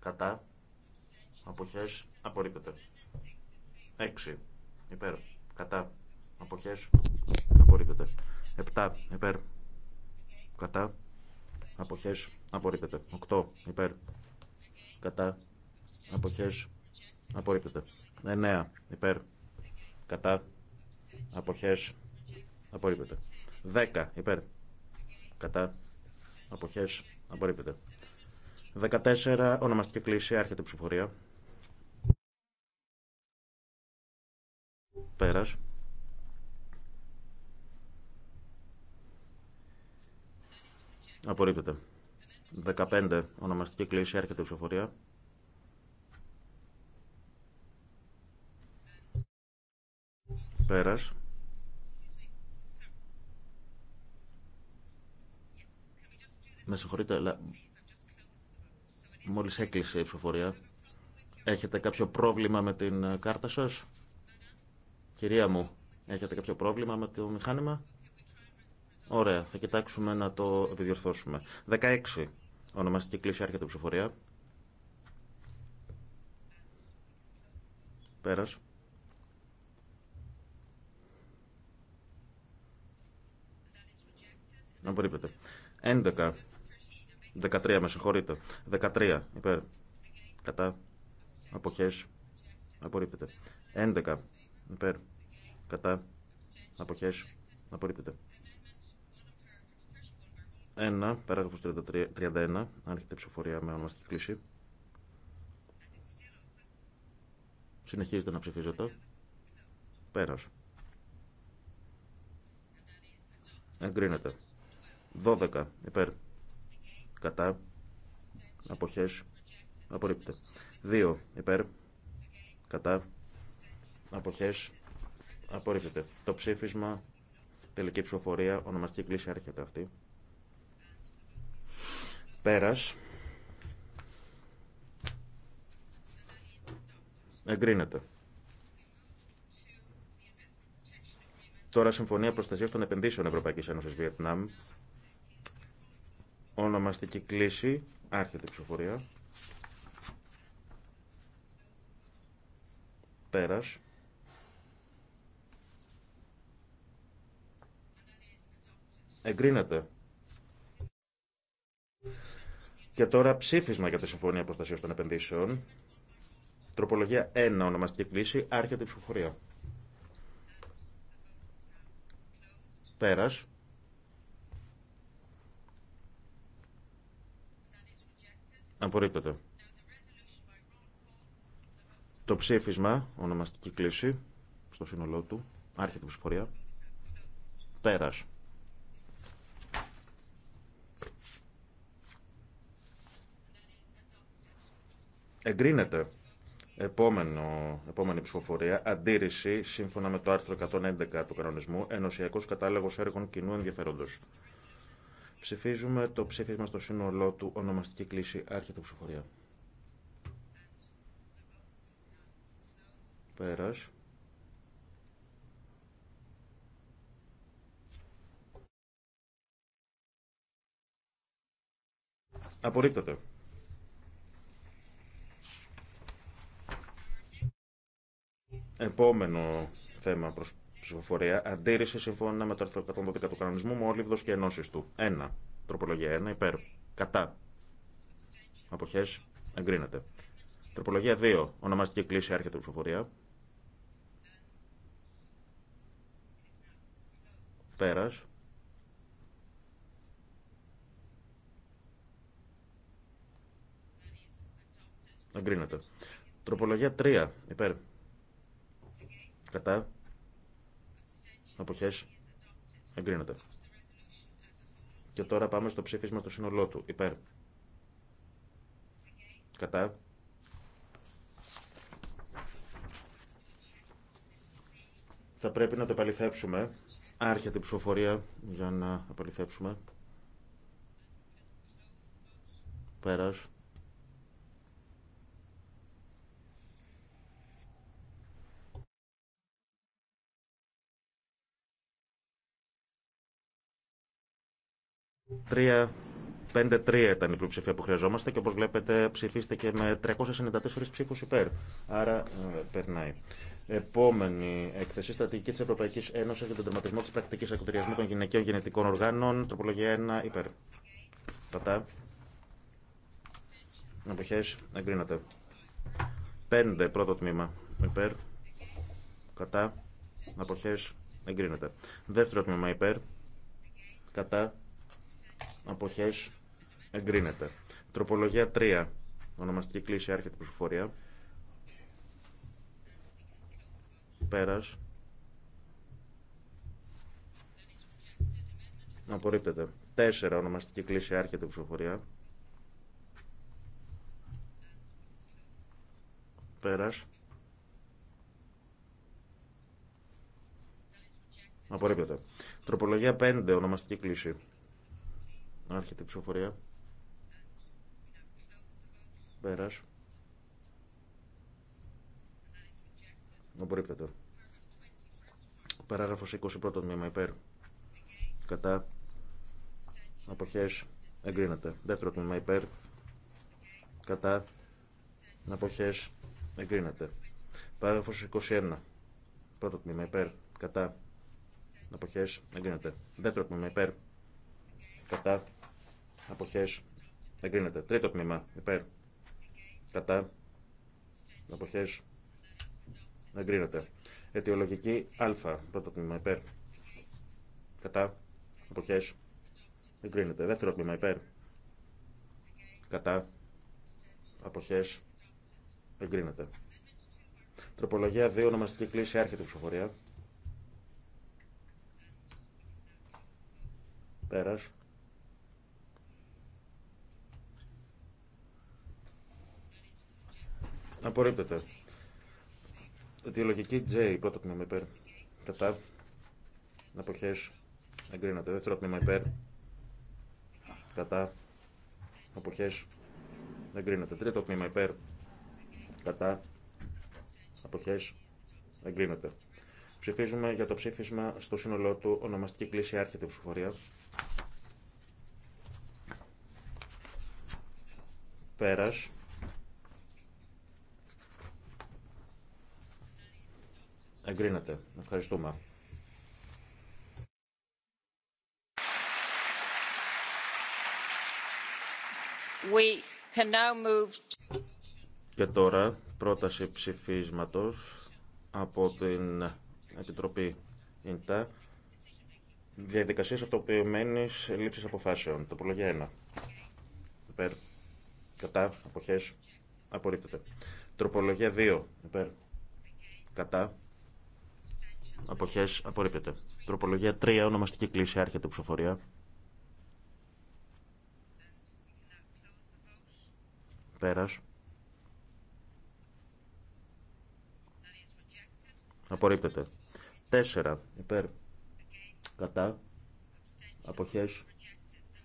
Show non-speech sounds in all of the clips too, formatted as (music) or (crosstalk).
Κατά. Αποχές. Απορρίπτεται. 6. Υπέρ. Κατά. Αποχές. Απορρίπτεται. 7. Υπέρ. Κατά. Αποχές. Απορρίπτεται. 8. Υπέρ. Κατά. Αποχές. Απορρίπτεται. 9. Υπέρ. Κατά. Αποχές. Απορρίπτεται. 10. Υπέρ. Κατά. Αποχές. Απορρίπτεται. 14 ονομαστική κλίση, άρχεται η ψηφορία. Πέρας. Απορρίπτεται. 15 ονομαστική κλίση, άρχεται η ψηφορία. Πέρας. Με συγχωρείτε, αλλά Μόλις έκλεισε η ψηφοφορία. Έχετε κάποιο πρόβλημα με την κάρτα σας. Κυρία μου, έχετε κάποιο πρόβλημα με το μηχάνημα. Ωραία, θα κοιτάξουμε να το επιδιορθώσουμε. 16. Ονομαστική κλίση άρχεται ψηφοφορία. Πέρας. Απορρίπτεται. 11. 13, με συγχωρείτε. 13, υπέρ. Κατά. Αποχές. Απορρίπτεται. 11, υπέρ. Κατά. Αποχές. Απορρίπτεται. 1, παράγραφος 33, 31, άρχεται ψηφοφορία με ονομαστική κλίση. Συνεχίζεται να ψηφίζεται. Πέρα. Εγκρίνεται. 12, υπέρ. Κατά. Αποχές. Απορρίπτεται. 2 υπέρ. Κατά. Αποχές. Απορρίπτεται. Το ψήφισμα. Τελική ψηφοφορία. Ονομαστική κλίση έρχεται αυτή. Πέρας. Εγκρίνεται. Τώρα Συμφωνία Προστασία των Επενδύσεων Ευρωπαϊκή Ένωση Βιετνάμ. Ονομαστική κλίση. Άρχεται η ψηφοφορία. Πέρας. Εγκρίνεται. Και τώρα ψήφισμα για τη Συμφωνία Προστασία των Επενδύσεων. Τροπολογία 1, ονομαστική κλίση, άρχεται η ψηφοφορία. Πέρας. Απορρίπτεται. Το ψήφισμα, ονομαστική κλίση, στο σύνολό του, άρχεται η ψηφορία. Πέρας. Εγκρίνεται. Επόμενο, επόμενη ψηφοφορία, αντίρρηση σύμφωνα με το άρθρο 111 του κανονισμού, ενωσιακός κατάλογος έργων κοινού ενδιαφέροντος. Ψηφίζουμε το ψήφισμα στο σύνολό του ονομαστική κλίση άρχεται ψηφορία. Πέρας. Απορρίπτεται. Επόμενο θέμα προς ψηφοφορία. Αντίρρηση σύμφωνα με το άρθρο 112 του κανονισμού μόλιβδο και ενώσει του. 1. Τροπολογία 1. Υπέρ. Κατά. Αποχέ. Εγκρίνεται. Τροπολογία 2. Ονομαστική κλίση. Άρχεται η ψηφοφορία. Πέρα. Εγκρίνεται. Τροπολογία 3. Υπέρ. Κατά. Αποχές. Εγκρίνεται. Και τώρα πάμε στο ψήφισμα στο σύνολό του. Υπέρ. Κατά. Θα πρέπει να το επαληθεύσουμε. Άρχεται η ψηφοφορία για να επαληθεύσουμε. Πέρας. 3-5-3 ήταν η πλειοψηφία που χρειαζόμαστε και όπως βλέπετε ψηφίστηκε με 394 ψήφους υπέρ. Άρα ε, περνάει. Επόμενη εκθεσή στρατηγική τη Ευρωπαϊκή Ένωση για τον τερματισμό τη πρακτική ακροτηριασμού των γυναικείων γενετικών οργάνων. Τροπολογία 1 υπέρ. Κατά. Αποχέ. Εγκρίνεται. 5 πρώτο τμήμα υπέρ. Κατά. Αποχέ. Εγκρίνεται. Δεύτερο τμήμα υπέρ. Κατά αποχές εγκρίνεται. Τροπολογία 3, ονομαστική κλίση άρχεται ψηφοφορία. Πέρας. Απορρίπτεται. 4, ονομαστική κλίση άρχεται ψηφοφορία. Πέρας. Απορρίπτεται. Τροπολογία 5, ονομαστική κλίση. Άρχεται η ψηφοφορία. Πέρας. Απορρίπτεται. Παράγραφος 21ο τμήμα υπέρ. Κατά. Αποχές. Εγκρίνεται. Δεύτερο τμήμα υπέρ. Κατά. Αποχές. Εγκρίνεται. Παράγραφος 21. Πρώτο κατα αποχε υπέρ. Κατά. Αποχές. Εγκρίνεται. Δεύτερο τμήμα υπέρ. Κατά. Αποχές. Εγκρίνεται. Τρίτο τμήμα. Υπέρ. Κατά. Αποχές. Εγκρίνεται. Αιτιολογική Α. Πρώτο τμήμα. Υπέρ. Κατά. Αποχές. Εγκρίνεται. Δεύτερο τμήμα. Υπέρ. Κατά. Αποχές. Εγκρίνεται. Τροπολογία 2. Ονομαστική κλίση. Άρχεται ψηφοφορία. Πέρας. Απορρίπτεται. Αιτιολογική J, πρώτο τμήμα υπέρ. Κατά. Αποχέ. Εγκρίνεται. Δεύτερο τμήμα υπέρ. Κατά. Αποχέ. Εγκρίνεται. Τρίτο τμήμα υπέρ. Κατά. Αποχέ. Εγκρίνεται. Ψηφίζουμε για το ψήφισμα στο σύνολό του ονομαστική κλίση άρχεται ψηφοφορία. Πέρας. Εγκρίνεται. Ευχαριστούμε. We can now move... Και τώρα πρόταση ψηφίσματος από την Επιτροπή ΙΝΤΑ διαδικασίες αυτοποιημένης λήψης αποφάσεων. Τροπολογία 1. Υπέρ. Κατά. Αποχές. Απορρίπτεται. Τροπολογία 2. Υπέρ. Κατά. Αποχέ, απορρίπτεται. Τροπολογία 3, ονομαστική κλίση, άρχεται η ψηφοφορία. Πέρας. Απορρίπτεται. 4, υπέρ. Κατά. αποχέ.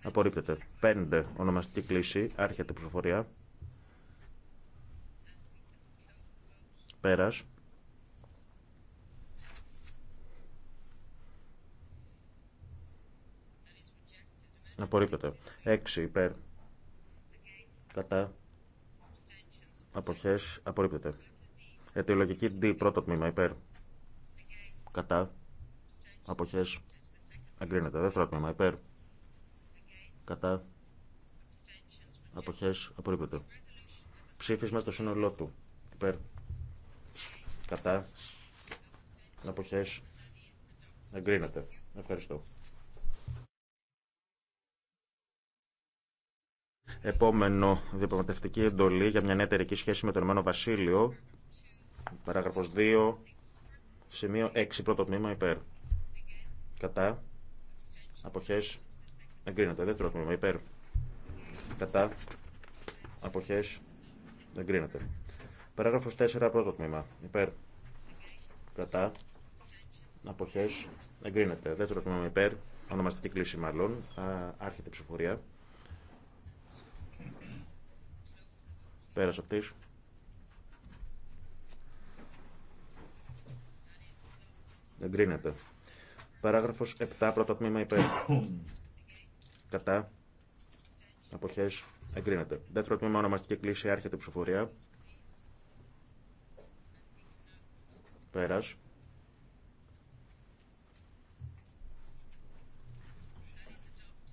Απορρίπτεται. 5, ονομαστική κλίση, άρχεται η ψηφοφορία. Πέρας. Απορρίπτεται. 6 υπέρ. Κατά. Αποχέ, Απορρίπτεται. Αιτιολογική D. Πρώτο τμήμα υπέρ. Κατά. αποχέ. Αγκρίνεται. Δεύτερο τμήμα υπέρ. Κατά. αποχέ, Απορρίπτεται. Ψήφισμα στο σύνολό του. Υπέρ. Κατά. Αποχές. Εγκρίνεται. Ευχαριστώ. επόμενο διαπραγματευτική εντολή για μια νέα εταιρική σχέση με το Ηνωμένο Βασίλειο. Παράγραφος 2, σημείο 6, πρώτο τμήμα υπέρ. Κατά. Αποχές. Εγκρίνεται. Δεύτερο τμήμα υπέρ. Κατά. Αποχές. Εγκρίνεται. Παράγραφος 4, πρώτο τμήμα υπέρ. Κατά. Αποχές. Εγκρίνεται. Δεύτερο τμήμα υπέρ. Ονομαστική κλίση μάλλον. Άρχεται η ψηφορία. Πέρας αυτής. Εγκρίνεται. Παράγραφος 7, πρώτο τμήμα υπέρ. Κατά. Αποχές. Εγκρίνεται. Δεύτερο τμήμα ονομαστική κλίση, άρχεται ψηφορία. Πέρας.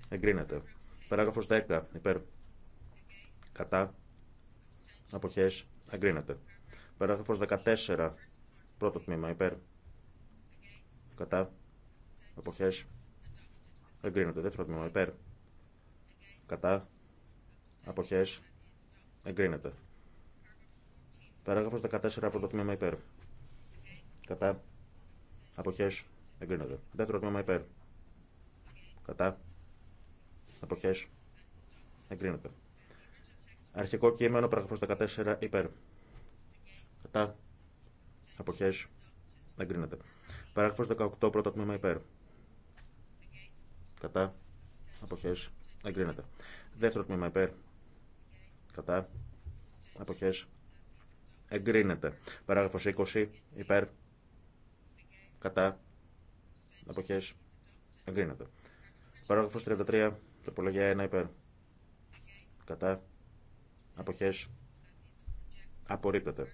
Εγκρίνεται. Παράγραφος 10, υπέρ. Κατά αποχέ εγκρίνεται. Παράγραφος 14, πρώτο τμήμα υπέρ, κατά, Αποχέ. εγκρίνεται. Δεύτερο τμήμα υπέρ, κατά, Αποχέ. εγκρίνεται. Παράγραφος 14, πρώτο τμήμα υπέρ, κατά, Αποχέ, εγκρίνεται. Δεύτερο τμήμα υπέρ, κατά, Αποχέ. εγκρίνεται. Αρχικό κείμενο, παραγραφός 14, υπέρ. Κατά. Αποχές. Εγκρίνεται. Παράγραφος 18, πρώτο τμήμα, υπέρ. Κατά. Αποχές. Εγκρίνεται. Δεύτερο τμήμα, υπέρ. Κατά. Αποχές. Εγκρίνεται. Παράγραφος 20, υπέρ. Κατά. Αποχές. Εγκρίνεται. Παράγραφος 33, τοπολογία 1, υπέρ. Κατά Αποχές. Απορρίπτεται.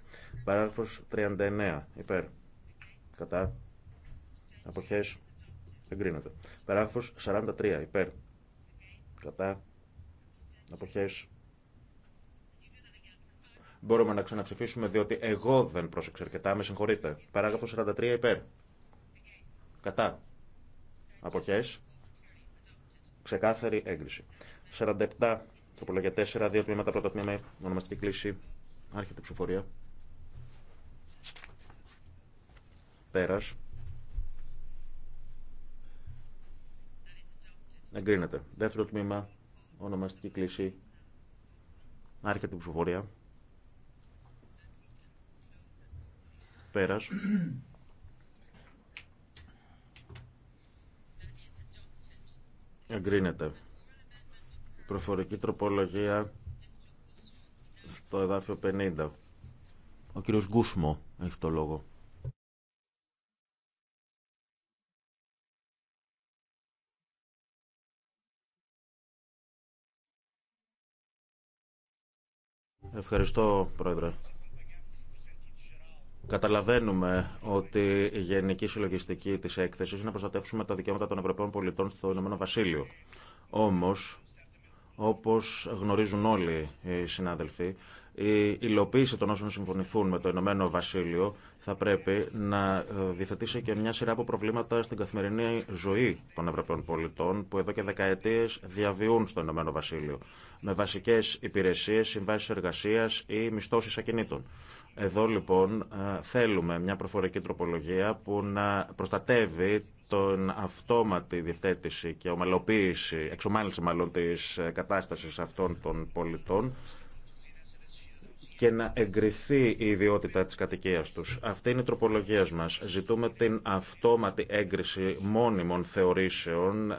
Παράγραφος 39. Υπέρ. Κατά. Αποχές. Εγκρίνεται. Παράγραφος 43. Υπέρ. Κατά. Αποχές. Μπορούμε να ξαναψηφίσουμε διότι εγώ δεν πρόσεξα αρκετά. Με συγχωρείτε. Παράγραφος 43. Υπέρ. Κατά. Αποχές. Ξεκάθαρη έγκριση. 47 Τροπολογία 4, δύο τμήματα, πρώτο τμήμα, ονομαστική κλίση, άρχεται η ψηφορία. Πέρας. Εγκρίνεται. Δεύτερο τμήμα, ονομαστική κλίση, άρχεται η ψηφορία. Πέρας. Εγκρίνεται προφορική τροπολογία στο εδάφιο 50. Ο κύριος Γκούσμο έχει το λόγο. Ευχαριστώ, Πρόεδρε. Καταλαβαίνουμε ότι η γενική συλλογιστική της έκθεσης είναι να προστατεύσουμε τα δικαιώματα των Ευρωπαίων πολιτών στο Ηνωμένο Βασίλειο. Όμως, όπως γνωρίζουν όλοι οι συνάδελφοι, η υλοποίηση των όσων συμφωνηθούν με το Ηνωμένο Βασίλειο θα πρέπει να ε, διαθετήσει και μια σειρά από προβλήματα στην καθημερινή ζωή των Ευρωπαίων πολιτών που εδώ και δεκαετίες διαβιούν στο Ηνωμένο Βασίλειο με βασικές υπηρεσίες, συμβάσεις εργασία ή μισθώσεις ακινήτων. Εδώ λοιπόν ε, θέλουμε μια προφορική τροπολογία που να προστατεύει τον αυτόματη διευθέτηση και ομαλοποίηση, εξομάλυνση μάλλον της ε, κατάστασης αυτών των πολιτών και να εγκριθεί η ιδιότητα της κατοικίας τους. Αυτή είναι η τροπολογία μας. Ζητούμε την αυτόματη έγκριση μόνιμων θεωρήσεων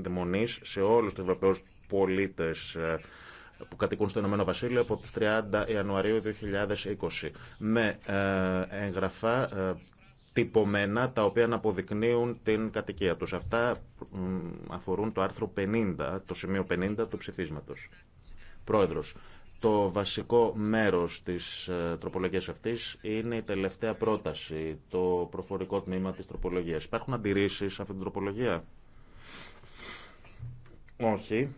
διαμονής σε όλους τους Ευρωπαίους πολίτες ε, που κατοικούν στο Ηνωμένο Βασίλειο από τις 30 Ιανουαρίου 2020 με εγγραφά ε, τυπωμένα τα οποία να αποδεικνύουν την κατοικία τους. Αυτά αφορούν το άρθρο 50, το σημείο 50 του ψηφίσματος. Πρόεδρος, το βασικό μέρος της ε, τροπολογίας αυτής είναι η τελευταία πρόταση, το προφορικό τμήμα της τροπολογίας. Υπάρχουν αντιρρήσεις σε αυτή την τροπολογία? Όχι.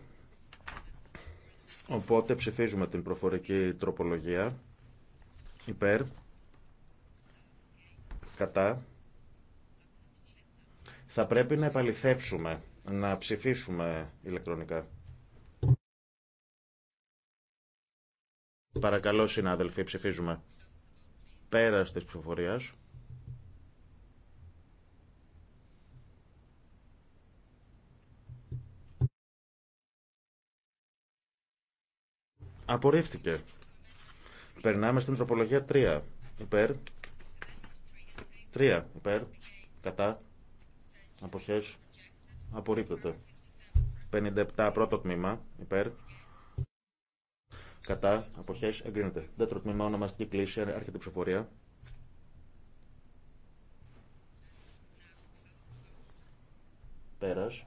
Οπότε ψηφίζουμε την προφορική τροπολογία υπέρ κατά. Θα πρέπει να επαληθεύσουμε, να ψηφίσουμε ηλεκτρονικά. Παρακαλώ συνάδελφοι, ψηφίζουμε. Πέρα τη ψηφοφορία. Απορρίφθηκε. Περνάμε στην τροπολογία 3. Υπέρ. 3 υπέρ, κατά, αποχές, απορρίπτεται. 57 πρώτο τμήμα υπέρ, κατά, αποχές, εγκρίνεται. Δεύτερο τμήμα ονομαστική κλίση, άρχεται η ψηφοφορία. Πέρας.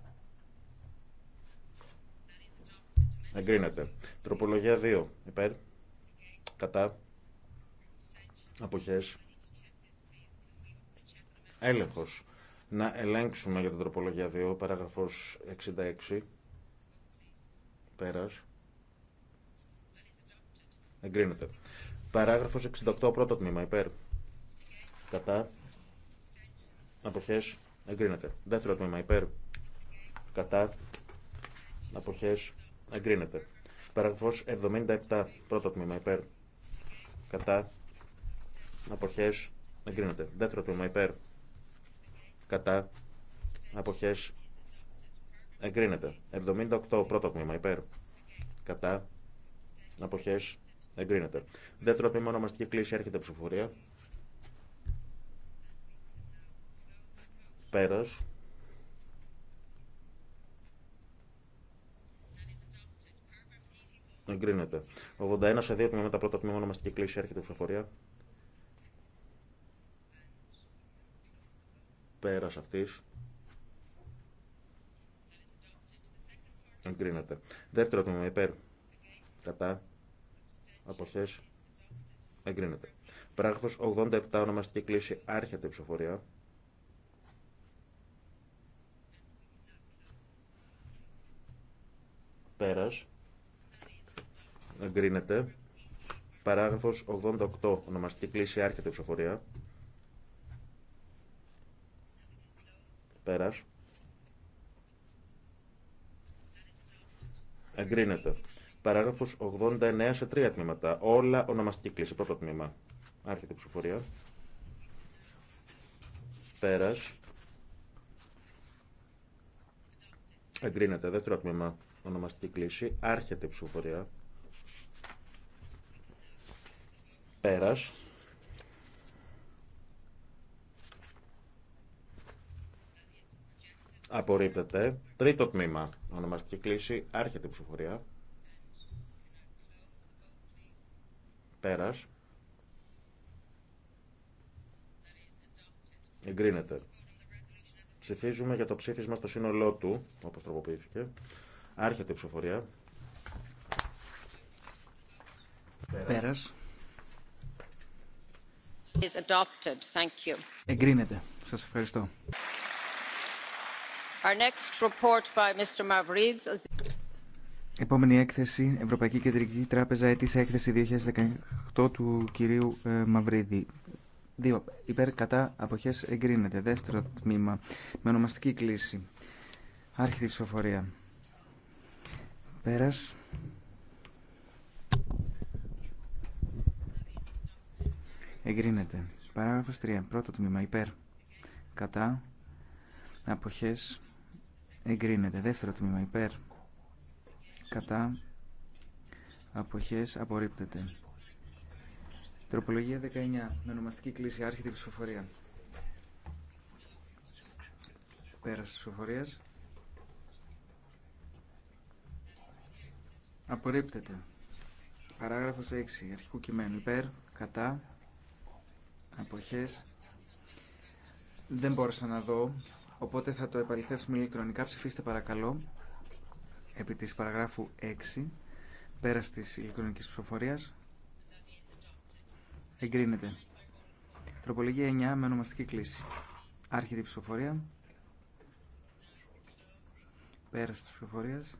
Εγκρίνεται. Τροπολογία 2. Υπέρ. Κατά. Αποχές έλεγχος. Να ελέγξουμε για την τροπολογία 2, παράγραφος 66, πέρας. Εγκρίνεται. Παράγραφος 68, πρώτο τμήμα, υπέρ. Κατά. Αποχές. Εγκρίνεται. Δεύτερο τμήμα, υπέρ. Κατά. Αποχές. Εγκρίνεται. Παράγραφος 77, πρώτο τμήμα, υπέρ. Κατά. Αποχές. Εγκρίνεται. Δεύτερο τμήμα, υπέρ κατά αποχέ, εγκρίνεται 78 πρώτο τμήμα υπέρ κατά αποχέ, εγκρίνεται δεύτερο τμήμα ονομαστική κλίση έρχεται ψηφοφορία Πέρα. εγκρίνεται 81 σε δύο τμήματα πρώτο τμήμα ονομαστική κλίση έρχεται ψηφοφορία πέρας αυτής εγκρίνεται. Δεύτερο τμήμα υπέρ κατά αποχές εγκρίνεται. Πράγματος 87 ονομαστική κλίση άρχεται η ψηφοφορία. Πέρας εγκρίνεται. Παράγραφος 88 ονομαστική κλίση άρχεται η ψηφοφορία. Πέρας. Εγκρίνεται. Παράγραφος 89 σε τρία τμήματα. Όλα ονομαστική κλίση. Πρώτο τμήμα. Άρχεται η ψηφοφορία. Πέρας. Εγκρίνεται. Δεύτερο τμήμα. Ονομαστική κλίση. Άρχεται η ψηφοφορία. Πέρας. Απορρίπτεται. Τρίτο τμήμα. Ονομαστική κλίση. Άρχεται η ψηφοφορία. Πέρας. Εγκρίνεται. Ψηφίζουμε για το ψήφισμα στο σύνολό του, όπως τροποποιήθηκε. Άρχεται η ψηφοφορία. Πέρας. Εγκρίνεται. Σας ευχαριστώ. Επόμενη έκθεση, Ευρωπαϊκή Κεντρική Τράπεζα, έτης έκθεση 2018 του κυρίου ε, Μαυρίδη. Δύο, Υπέρ κατά αποχές εγκρίνεται. Δεύτερο τμήμα, με ονομαστική κλίση. Άρχιτη ψηφοφορία. Πέρας. Εγκρίνεται. Παράγραφος 3. Πρώτο τμήμα, υπέρ κατά αποχές εγκρίνεται. Δεύτερο τμήμα υπέρ κατά αποχές απορρίπτεται. Τροπολογία 19. Με ονομαστική κλίση άρχεται η ψηφοφορία. Πέραση της ψηφοφορίας. Απορρίπτεται. Παράγραφος 6. Αρχικού κειμένου. Υπέρ, κατά, αποχές. Δεν μπόρεσα να δω Οπότε θα το επαληθεύσουμε ηλεκτρονικά. Ψηφίστε παρακαλώ επί της παραγράφου 6 πέρα της ηλεκτρονικής ψηφοφορίας. Εγκρίνεται. Τροπολογία 9 με ονομαστική κλίση. Άρχεται ψηφοφορία. Πέρα της ψηφοφορίας.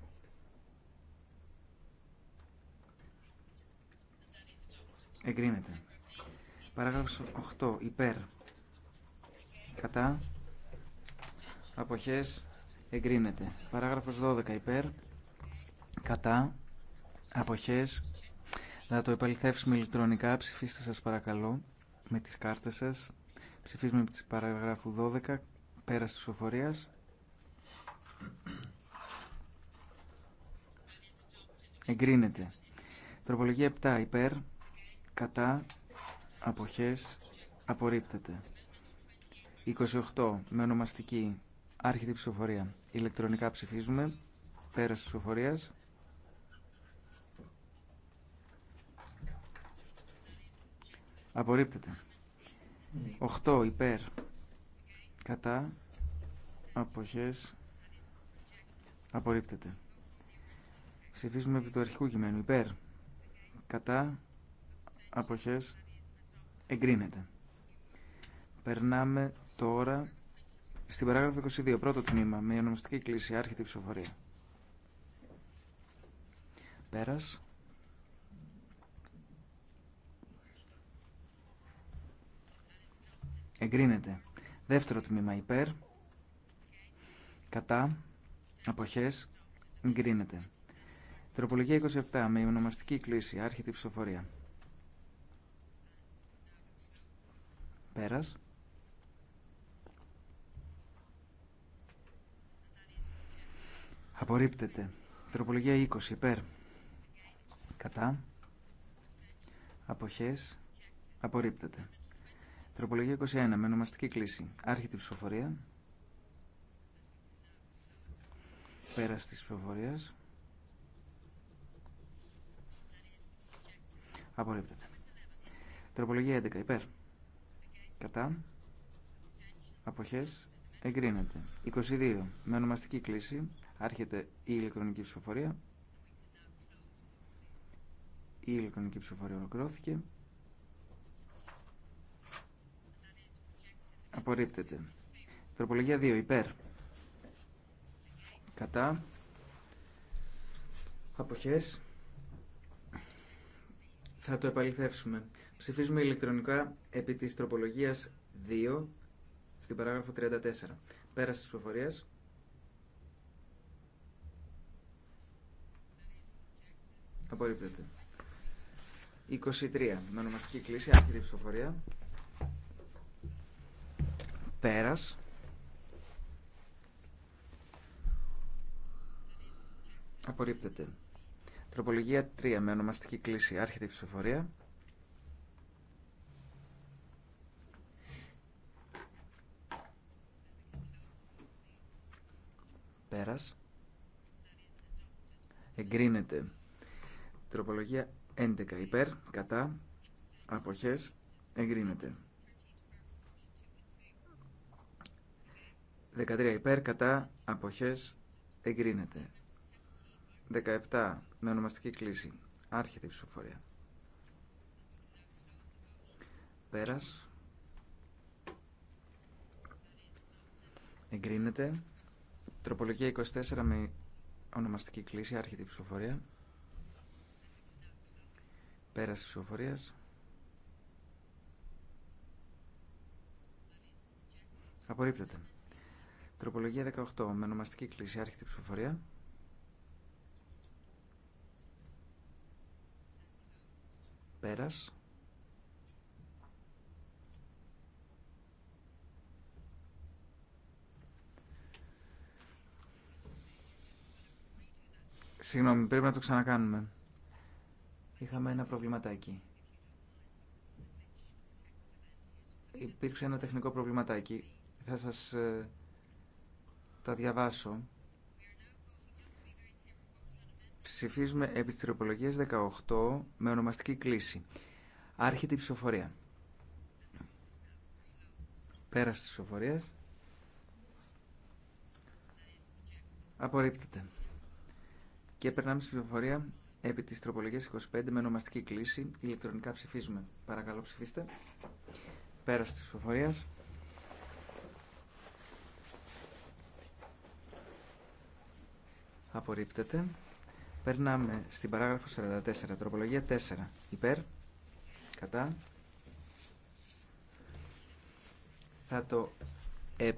Εγκρίνεται. Παράγραφος 8. Υπέρ. Κατά αποχές εγκρίνεται. Παράγραφος 12 υπέρ, κατά, αποχές. Θα το επαληθεύσουμε ηλεκτρονικά. Ψηφίστε σας παρακαλώ με τις κάρτες σας. Ψηφίζουμε με τις παραγράφου 12, πέρα της ψηφοφορίας. Εγκρίνεται. Τροπολογία 7 υπέρ, κατά, αποχές, απορρίπτεται. 28 με ονομαστική Άρχεται η ψηφοφορία. Ηλεκτρονικά ψηφίζουμε. Πέραση ψηφοφορία. Απορρίπτεται. 8 υπέρ. Κατά. Αποχές. Απορρίπτεται. Ψηφίζουμε επί του αρχικού κειμένου. Υπέρ. Κατά. Αποχές. Εγκρίνεται. Περνάμε τώρα στην παράγραφο 22, πρώτο τμήμα, με ονομαστική κλίση, άρχεται η ψηφοφορία. Πέρας. Εγκρίνεται. Δεύτερο τμήμα, υπέρ. Κατά. Αποχές. Εγκρίνεται. Τροπολογία 27, με ονομαστική κλίση, άρχεται η ψηφοφορία. Πέρας. Απορρίπτεται. Τροπολογία 20 υπέρ. Κατά. Αποχές. Απορρίπτεται. Τροπολογία 21 με ονομαστική κλίση. Άρχιτη ψηφοφορία. Πέρας της ψηφοφορίας. Απορρίπτεται. Τροπολογία 11 υπέρ. Κατά. Αποχές. Εγκρίνεται. 22 με ονομαστική κλίση. Άρχεται η ηλεκτρονική ψηφοφορία. Η ηλεκτρονική ψηφοφορία ολοκληρώθηκε. Απορρίπτεται. Τροπολογία 2. Υπέρ. Κατά. Αποχές. Θα το επαληθεύσουμε. Ψηφίζουμε ηλεκτρονικά επί της τροπολογίας 2 στην παράγραφο 34. Πέραση της ψηφοφορίας. Απορρίπτεται. 23. Με ονομαστική κλίση, άρχιτη ψηφοφορία. Πέρας. Απορρίπτεται. Τροπολογία 3. Με ονομαστική κλίση, άρχιτη ψηφοφορία. Πέρας. Εγκρίνεται. Τροπολογία 11 υπέρ, κατά, αποχές, εγκρίνεται. 13 υπέρ, κατά, αποχές, εγκρίνεται. 17 με ονομαστική κλίση. Άρχεται η ψηφοφορία. Πέρας. Εγκρίνεται. Τροπολογία 24 με ονομαστική κλίση. Άρχεται η ψηφοφορία. Πέραση ψηφοφορίας. Απορρίπτεται. Τροπολογία 18. Με ονομαστική κλίση. Άρχεται ψηφοφορία. Πέρας. Συγγνώμη, πρέπει να το ξανακάνουμε είχαμε ένα προβληματάκι. Υπήρξε ένα τεχνικό προβληματάκι. Θα σας ε, τα διαβάσω. Ψηφίζουμε επί 18 με ονομαστική κλίση. Άρχεται η ψηφοφορία. Πέρασε τη ψηφοφορία. Απορρίπτεται. Και περνάμε στη ψηφοφορία Επί τη τροπολογία 25 με ονομαστική κλίση ηλεκτρονικά ψηφίζουμε. Παρακαλώ ψηφίστε. Πέραση τη ψηφοφορία. Απορρίπτεται. Περνάμε στην παράγραφο 44. Τροπολογία 4. Υπέρ. Κατά. Θα το ε,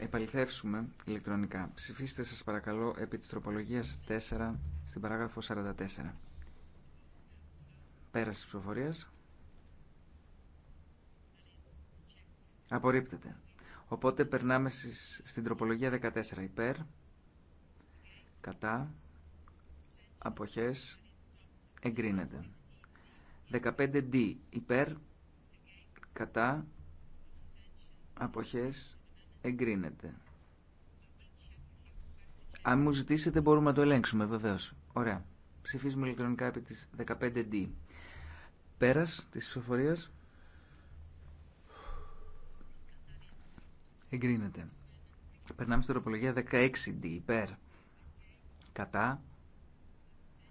επαληθεύσουμε ηλεκτρονικά. Ψηφίστε σας παρακαλώ επί της τροπολογίας 4 στην παράγραφο 44. Πέραση της ψηφοφορίας. Απορρίπτεται. Οπότε περνάμε στην τροπολογία 14. Υπέρ, κατά, αποχές, εγκρίνεται. 15D. Υπέρ, κατά, αποχές, εγκρίνεται. Αν μου ζητήσετε μπορούμε να το ελέγξουμε βεβαίως. Ωραία. Ψηφίζουμε ηλεκτρονικά επί της 15D. Πέρας της ψηφοφορίας. Εγκρίνεται. Περνάμε στην τροπολογία 16D. Υπέρ. Κατά.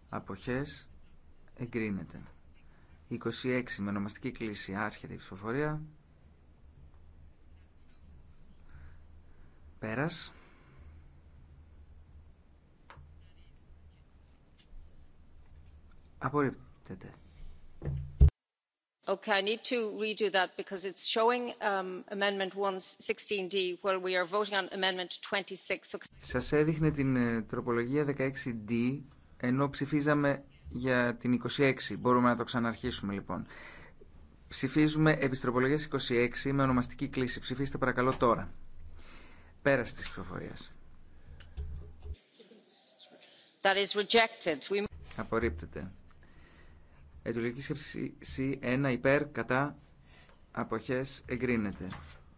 Αποχές. Εγκρίνεται. 26 με ονομαστική κλίση. άσχετη ψηφοφορία. Πέρας. Απορρίπτεται. Okay, I need to redo that because it's showing um, Amendment 116D where we are voting on Amendment 26. Okay. Σας έδειχνε την ε, τροπολογία 16D ενώ ψηφίζαμε για την 26. Μπορούμε να το ξαναρχίσουμε λοιπόν. Ψηφίζουμε επιστροπολογίες 26 με ονομαστική κλίση. Ψηφίστε παρακαλώ τώρα. Πέρας της ψηφοφορίας. That is rejected. We... Απορρίπτεται. Ετουλογική σκέψη C1 υπέρ κατά αποχές εγκρίνεται.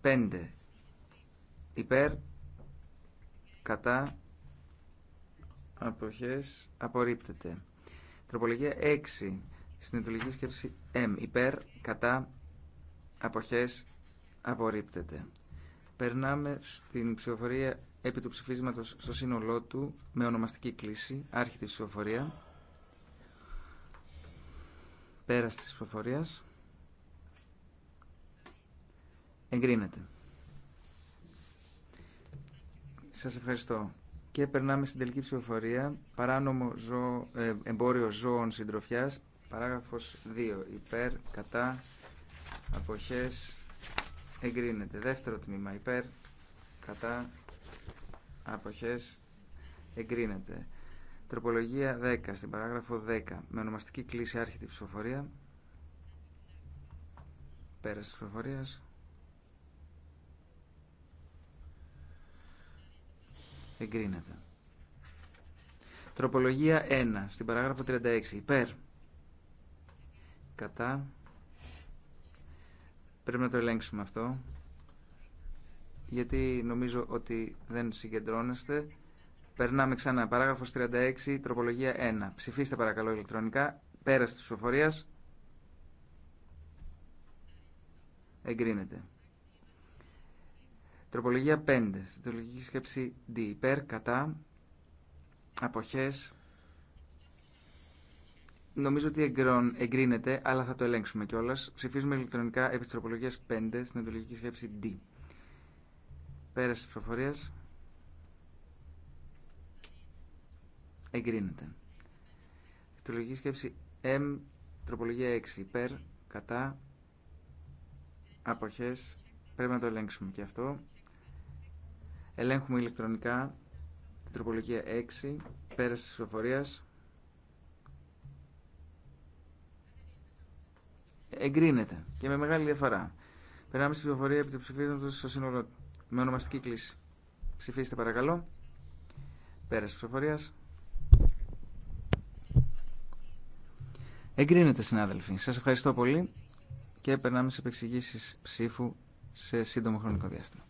5 υπέρ κατά αποχές απορρίπτεται. Τροπολογία 6 στην ετουλογική σκέψη M υπέρ κατά αποχές απορρίπτεται. Περνάμε στην ψηφοφορία επί του ψηφίσματος στο σύνολό του με ονομαστική κλίση, άρχιτη ψηφοφορία. Πέρας της ψηφοφορίας. Εγκρίνεται. Σας ευχαριστώ. Και περνάμε στην τελική ψηφοφορία. Παράνομο ζω... Ε, εμπόριο ζώων συντροφιάς. Παράγραφος 2. Υπέρ, κατά, αποχές, εγκρίνεται. Δεύτερο τμήμα υπέρ, κατά, αποχές, εγκρίνεται. Τροπολογία 10, στην παράγραφο 10, με ονομαστική κλίση άρχιτη ψηφοφορία. Πέραση τη ψηφοφορία. Εγκρίνεται. Τροπολογία 1, στην παράγραφο 36, υπέρ, κατά, Πρέπει να το ελέγξουμε αυτό. Γιατί νομίζω ότι δεν συγκεντρώνεστε. Περνάμε ξανά. Παράγραφος 36, τροπολογία 1. Ψηφίστε παρακαλώ ηλεκτρονικά. Πέραση της ψηφοφορίας. Εγκρίνεται. Τροπολογία 5. Συντολική σκέψη D. Υπέρ, κατά, αποχές, Νομίζω ότι εγκρίνεται, αλλά θα το ελέγξουμε κιόλα. Ψηφίζουμε ηλεκτρονικά επί τη τροπολογία 5 στην εντολική σκέψη D. Πέραση τη ψηφοφορία. Εγκρίνεται. Εκτρολογική σκέψη M, τροπολογία 6. Υπέρ, κατά, αποχές. Πρέπει να το ελέγξουμε κι αυτό. Ελέγχουμε ηλεκτρονικά την τροπολογία 6, πέραση τη ψηφοφορία. εγκρίνεται και με μεγάλη διαφορά. Περνάμε στη ψηφοφορία επί του ψηφίσματο στο σύνολο με ονομαστική κλίση. Ψηφίστε παρακαλώ. Πέρασε ψηφοφορία. Εγκρίνεται, συνάδελφοι. Σα ευχαριστώ πολύ και περνάμε σε επεξηγήσει ψήφου σε σύντομο χρονικό διάστημα.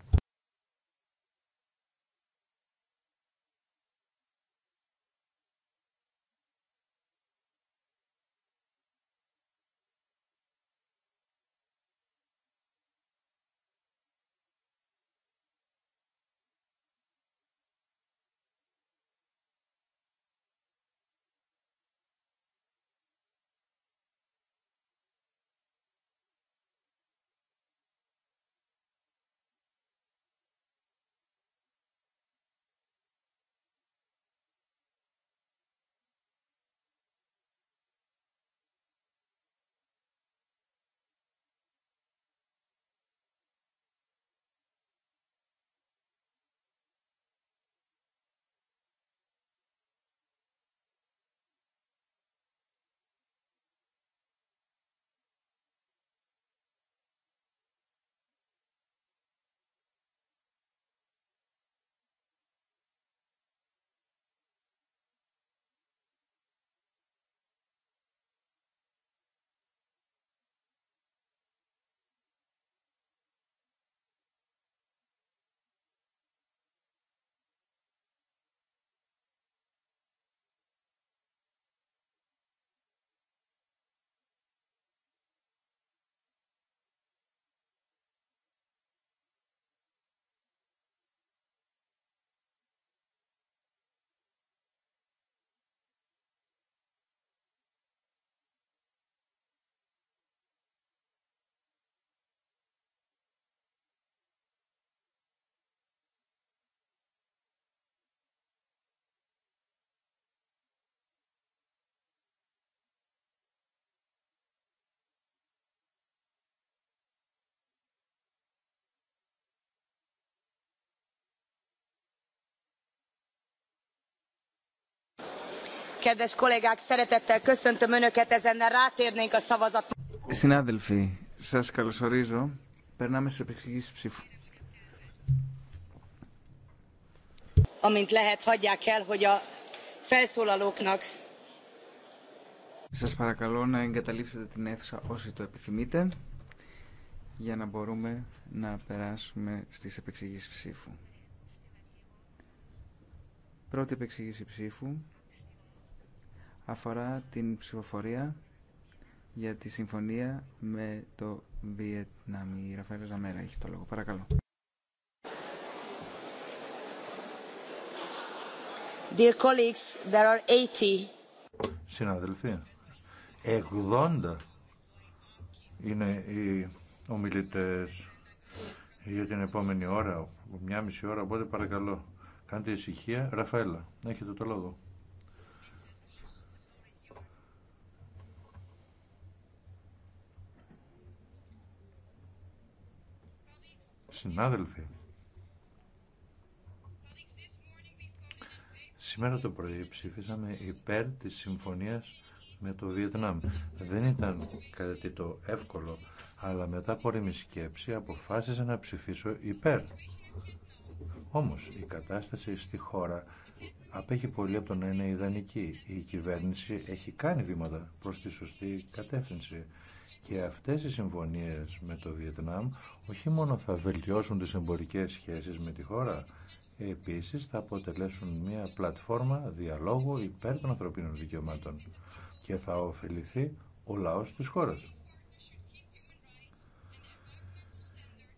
Συνάδελφοι, σας καλωσορίζω. Περνάμε σε επεξηγήσεις ψήφου. Amint Σας παρακαλώ να εγκαταλείψετε την αίθουσα όσοι το επιθυμείτε για να μπορούμε να περάσουμε στις επεξηγήσεις ψήφου. Πρώτη επεξηγήση ψήφου αφορά την ψηφοφορία για τη συμφωνία με το Βιετνάμ. Η Ραφαέλα Ζαμέρα έχει το λόγο. Παρακαλώ. Dear colleagues, there are 80. Συναδελφοί, 80 είναι οι ομιλητές για την επόμενη ώρα, μια μισή ώρα, οπότε παρακαλώ, κάντε ησυχία. Ραφαέλα, έχετε το λόγο. Συνάδελφοι, σήμερα το πρωί ψήφισαμε υπέρ της συμφωνίας με το Βιετνάμ. Δεν ήταν κάτι το εύκολο, αλλά μετά από σκέψη αποφάσισα να ψηφίσω υπέρ. Όμως η κατάσταση στη χώρα απέχει πολύ από το να είναι ιδανική. Η κυβέρνηση έχει κάνει βήματα προς τη σωστή κατεύθυνση. Και αυτές οι συμφωνίες με το Βιετνάμ όχι μόνο θα βελτιώσουν τις εμπορικές σχέσεις με τη χώρα, επίσης θα αποτελέσουν μια πλατφόρμα διαλόγου υπέρ των ανθρωπίνων δικαιωμάτων και θα ωφεληθεί ο λαός της χώρας.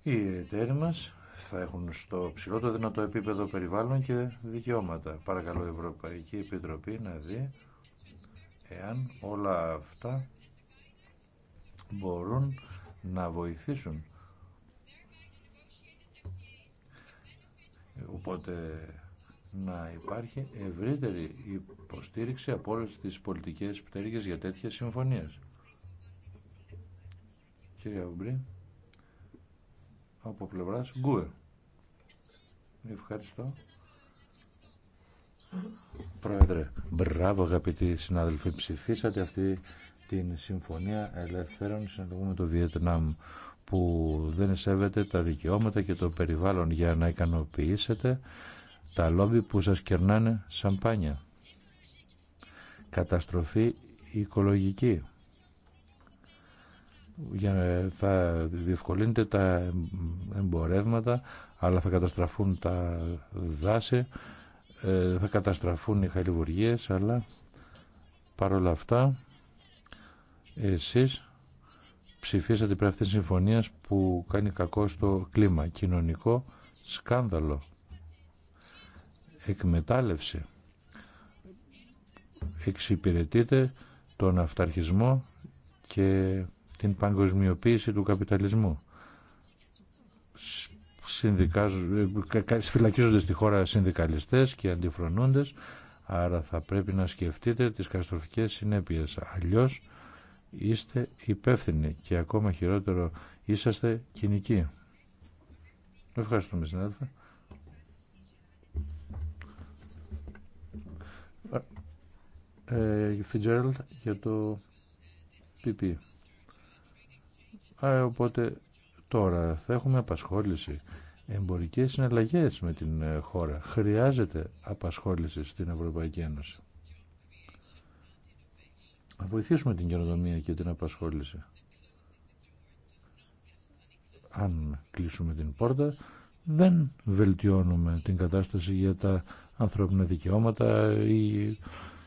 Οι εταίροι μας θα έχουν στο το δυνατό επίπεδο περιβάλλον και δικαιώματα. Παρακαλώ η Ευρωπαϊκή Επιτροπή να δει εάν όλα αυτά μπορούν να βοηθήσουν. Οπότε να υπάρχει ευρύτερη υποστήριξη από όλες τις πολιτικές πτέρυγες για τέτοιες συμφωνίες. Κύριε Αουμπρή, από πλευράς Γκουε. Ευχαριστώ. Πρόεδρε, μπράβο αγαπητοί συνάδελφοι, ψηφίσατε αυτή την Συμφωνία Ελευθέρων Συνεργού με το Βιετνάμ που δεν σέβεται τα δικαιώματα και το περιβάλλον για να ικανοποιήσετε τα λόμπι που σας κερνάνε σαμπάνια. Καταστροφή οικολογική. Για θα διευκολύνετε τα εμπορεύματα, αλλά θα καταστραφούν τα δάση, ε, θα καταστραφούν οι χαλιβουργίες, αλλά παρόλα αυτά εσείς ψηφίσατε πριν αυτή της συμφωνίας που κάνει κακό στο κλίμα. Κοινωνικό σκάνδαλο. Εκμετάλλευση. Εξυπηρετείτε τον αυταρχισμό και την παγκοσμιοποίηση του καπιταλισμού. Φυλακίζονται στη χώρα συνδικαλιστές και αντιφρονούντες, άρα θα πρέπει να σκεφτείτε τις καταστροφικές συνέπειες. Αλλιώς είστε υπεύθυνοι και ακόμα χειρότερο είσαστε κοινικοί. Ευχαριστούμε συνάδελφε. Φιτζέρλ ε, ε, για το PP. οπότε τώρα θα έχουμε απασχόληση εμπορικές συναλλαγές με την ε, χώρα. Χρειάζεται απασχόληση στην Ευρωπαϊκή Ένωση να βοηθήσουμε την καινοτομία και την απασχόληση. Αν κλείσουμε την πόρτα, δεν βελτιώνουμε την κατάσταση για τα ανθρώπινα δικαιώματα ή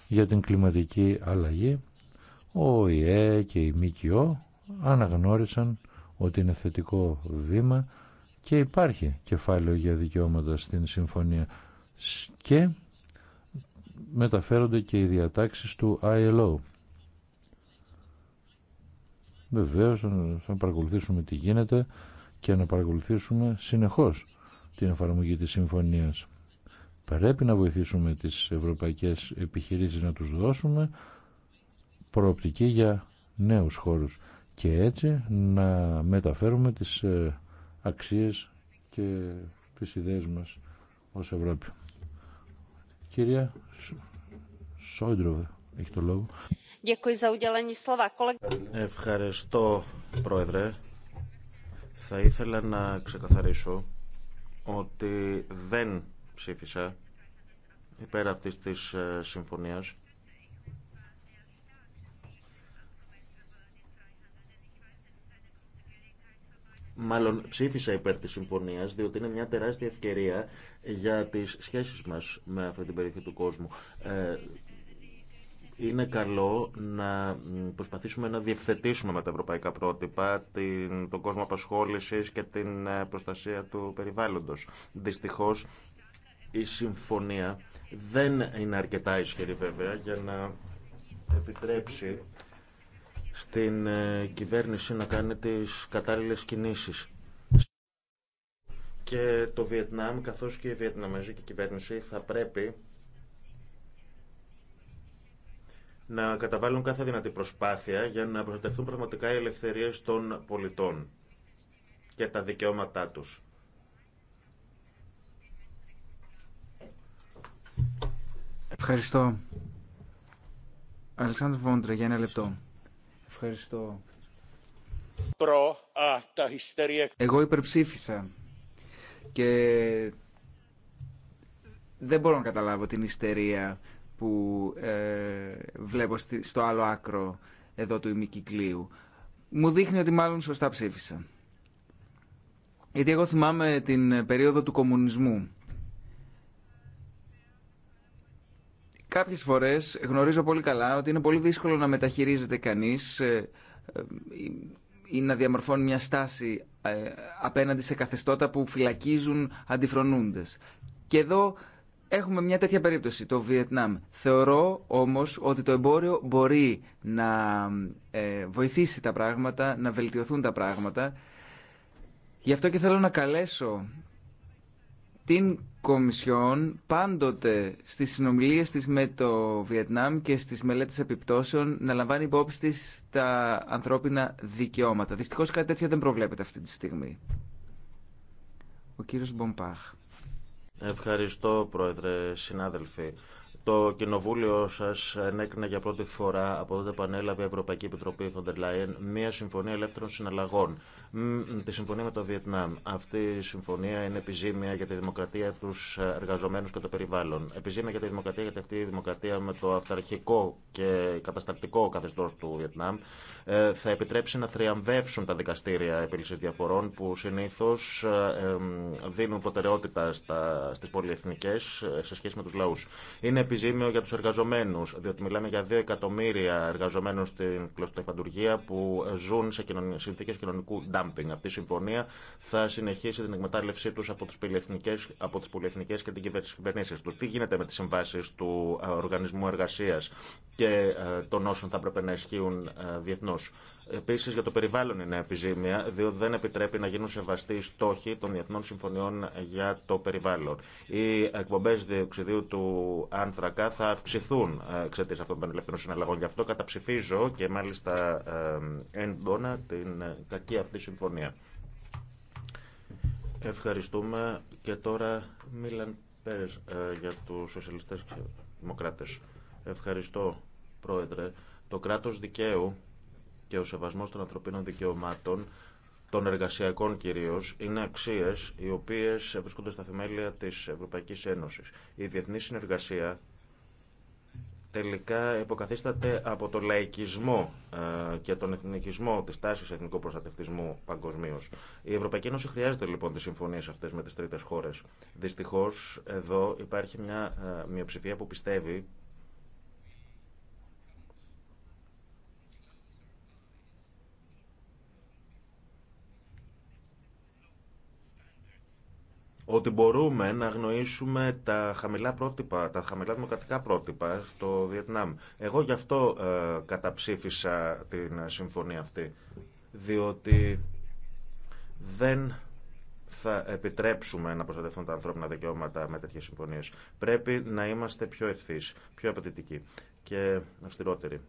για την κλιματική αλλαγή. Ο ΙΕ και η ΜΚΟ αναγνώρισαν ότι είναι θετικό βήμα και υπάρχει κεφάλαιο για δικαιώματα στην συμφωνία και μεταφέρονται και οι διατάξεις του ILO. Βεβαίω θα παρακολουθήσουμε τι γίνεται και να παρακολουθήσουμε συνεχώς την εφαρμογή της συμφωνίας. Πρέπει να βοηθήσουμε τις ευρωπαϊκές επιχειρήσεις να τους δώσουμε προοπτική για νέους χώρους και έτσι να μεταφέρουμε τις ε, αξίες και τις ιδέες μας ως Ευρώπη. Κυρία Σόιντροβε, έχει το λόγο. Ευχαριστώ, Πρόεδρε. Θα ήθελα να ξεκαθαρίσω ότι δεν ψήφισα υπέρ αυτής της ε, συμφωνίας. μάλλον ψήφισα υπέρ της συμφωνίας, διότι είναι μια τεράστια ευκαιρία για τις σχέσεις μας με αυτή την περιοχή του κόσμου. Ε, είναι καλό να προσπαθήσουμε να διευθετήσουμε με τα ευρωπαϊκά πρότυπα την, τον κόσμο απασχόλησης και την ε, προστασία του περιβάλλοντος. Δυστυχώς η συμφωνία δεν είναι αρκετά ισχυρή βέβαια για να επιτρέψει στην ε, κυβέρνηση να κάνει τις κατάλληλες κινήσεις. Και το Βιετνάμ καθώς και η Βιετναμαζική κυβέρνηση θα πρέπει να καταβάλουν κάθε δυνατή προσπάθεια για να προστατευτούν πραγματικά οι ελευθερίες των πολιτών και τα δικαιώματά τους. Ευχαριστώ. Αλεξάνδρου Βόντρε, για ένα λεπτό. Ευχαριστώ. Προ, α, τα Εγώ υπερψήφισα και δεν μπορώ να καταλάβω την ιστερία που ε, βλέπω στο άλλο άκρο εδώ του ημικυκλίου. Μου δείχνει ότι μάλλον σωστά ψήφισα. Γιατί εγώ θυμάμαι την περίοδο του κομμουνισμού. Κάποιες φορές γνωρίζω πολύ καλά ότι είναι πολύ δύσκολο να μεταχειρίζεται κανείς ε, ε, ή να διαμορφώνει μια στάση απέναντι σε καθεστώτα που φυλακίζουν αντιφρονούντες. Και εδώ έχουμε μια τέτοια περίπτωση, το Βιετνάμ. Θεωρώ όμως ότι το εμπόριο μπορεί να ε, βοηθήσει τα πράγματα, να βελτιωθούν τα πράγματα. Γι' αυτό και θέλω να καλέσω την Κομισιόν πάντοτε στις συνομιλίες της με το Βιετνάμ και στις μελέτες επιπτώσεων να λαμβάνει υπόψη της τα ανθρώπινα δικαιώματα. Δυστυχώς κάτι τέτοιο δεν προβλέπεται αυτή τη στιγμή. Ο κύριος Μπομπάχ. Ευχαριστώ, Πρόεδρε, συνάδελφοι. Το κοινοβούλιο σα ενέκρινε για πρώτη φορά από τότε που ανέλαβε η Ευρωπαϊκή Επιτροπή Φοντερ Λάιεν μια συμφωνία ελεύθερων συναλλαγών τη συμφωνία με το Βιετνάμ. Αυτή η συμφωνία είναι επιζήμια για τη δημοκρατία, του εργαζομένου και το περιβάλλον. Επιζήμια για τη δημοκρατία, γιατί αυτή η δημοκρατία με το αυταρχικό και κατασταλτικό καθεστώ του Βιετνάμ ε, θα επιτρέψει να θριαμβεύσουν τα δικαστήρια επίλυση διαφορών που συνήθω ε, δίνουν προτεραιότητα στι πολυεθνικέ ε, σε σχέση με του λαού. Είναι επιζήμιο για του εργαζομένου, διότι μιλάμε για 2 εκατομμύρια εργαζόμενων στην κλωστοεφαντουργία που ζουν σε συνθήκε κοινωνικού dumping. Αυτή η συμφωνία θα συνεχίσει την εκμετάλλευσή του από τι πολυεθνικές, από τις πολυεθνικές και την κυβερνήσει του. Τι γίνεται με τι συμβάσει του ε, Οργανισμού Εργασία και ε, των όσων θα έπρεπε να ισχύουν ε, διεθνώ. Επίση για το περιβάλλον είναι επιζήμια, διότι δεν επιτρέπει να γίνουν σεβαστοί οι στόχοι των διεθνών συμφωνιών για το περιβάλλον. Οι εκπομπέ διοξιδίου του άνθρακα θα αυξηθούν ε, εξαιτία αυτών των ελεύθερων συναλλαγών. Γι' αυτό καταψηφίζω και μάλιστα ε, έντονα την ε, κακή αυτή συμφωνία. Ευχαριστούμε και τώρα Μίλαν Πέρες για τους σοσιαλιστές και δημοκράτες. Ευχαριστώ, Πρόεδρε. Το κράτος δικαίου και ο σεβασμός των ανθρωπίνων δικαιωμάτων, των εργασιακών κυρίω, είναι αξίε οι οποίε βρίσκονται στα θεμέλια τη Ευρωπαϊκή Ένωση. Η διεθνή συνεργασία τελικά υποκαθίσταται από τον λαϊκισμό ε, και τον εθνικισμό τη τάση εθνικού προστατευτισμού παγκοσμίω. Η Ευρωπαϊκή Ένωση χρειάζεται λοιπόν τι συμφωνίε αυτέ με τι τρίτε χώρε. Δυστυχώ εδώ υπάρχει μια ε, μειοψηφία που πιστεύει ότι μπορούμε να γνωρίσουμε τα χαμηλά πρότυπα, τα χαμηλά δημοκρατικά πρότυπα στο Βιετνάμ. Εγώ γι' αυτό ε, καταψήφισα την συμφωνία αυτή, διότι δεν θα επιτρέψουμε να προστατευτούν τα ανθρώπινα δικαιώματα με τέτοιε συμφωνίε. Πρέπει να είμαστε πιο ευθύ, πιο απαιτητικοί και αυστηρότεροι.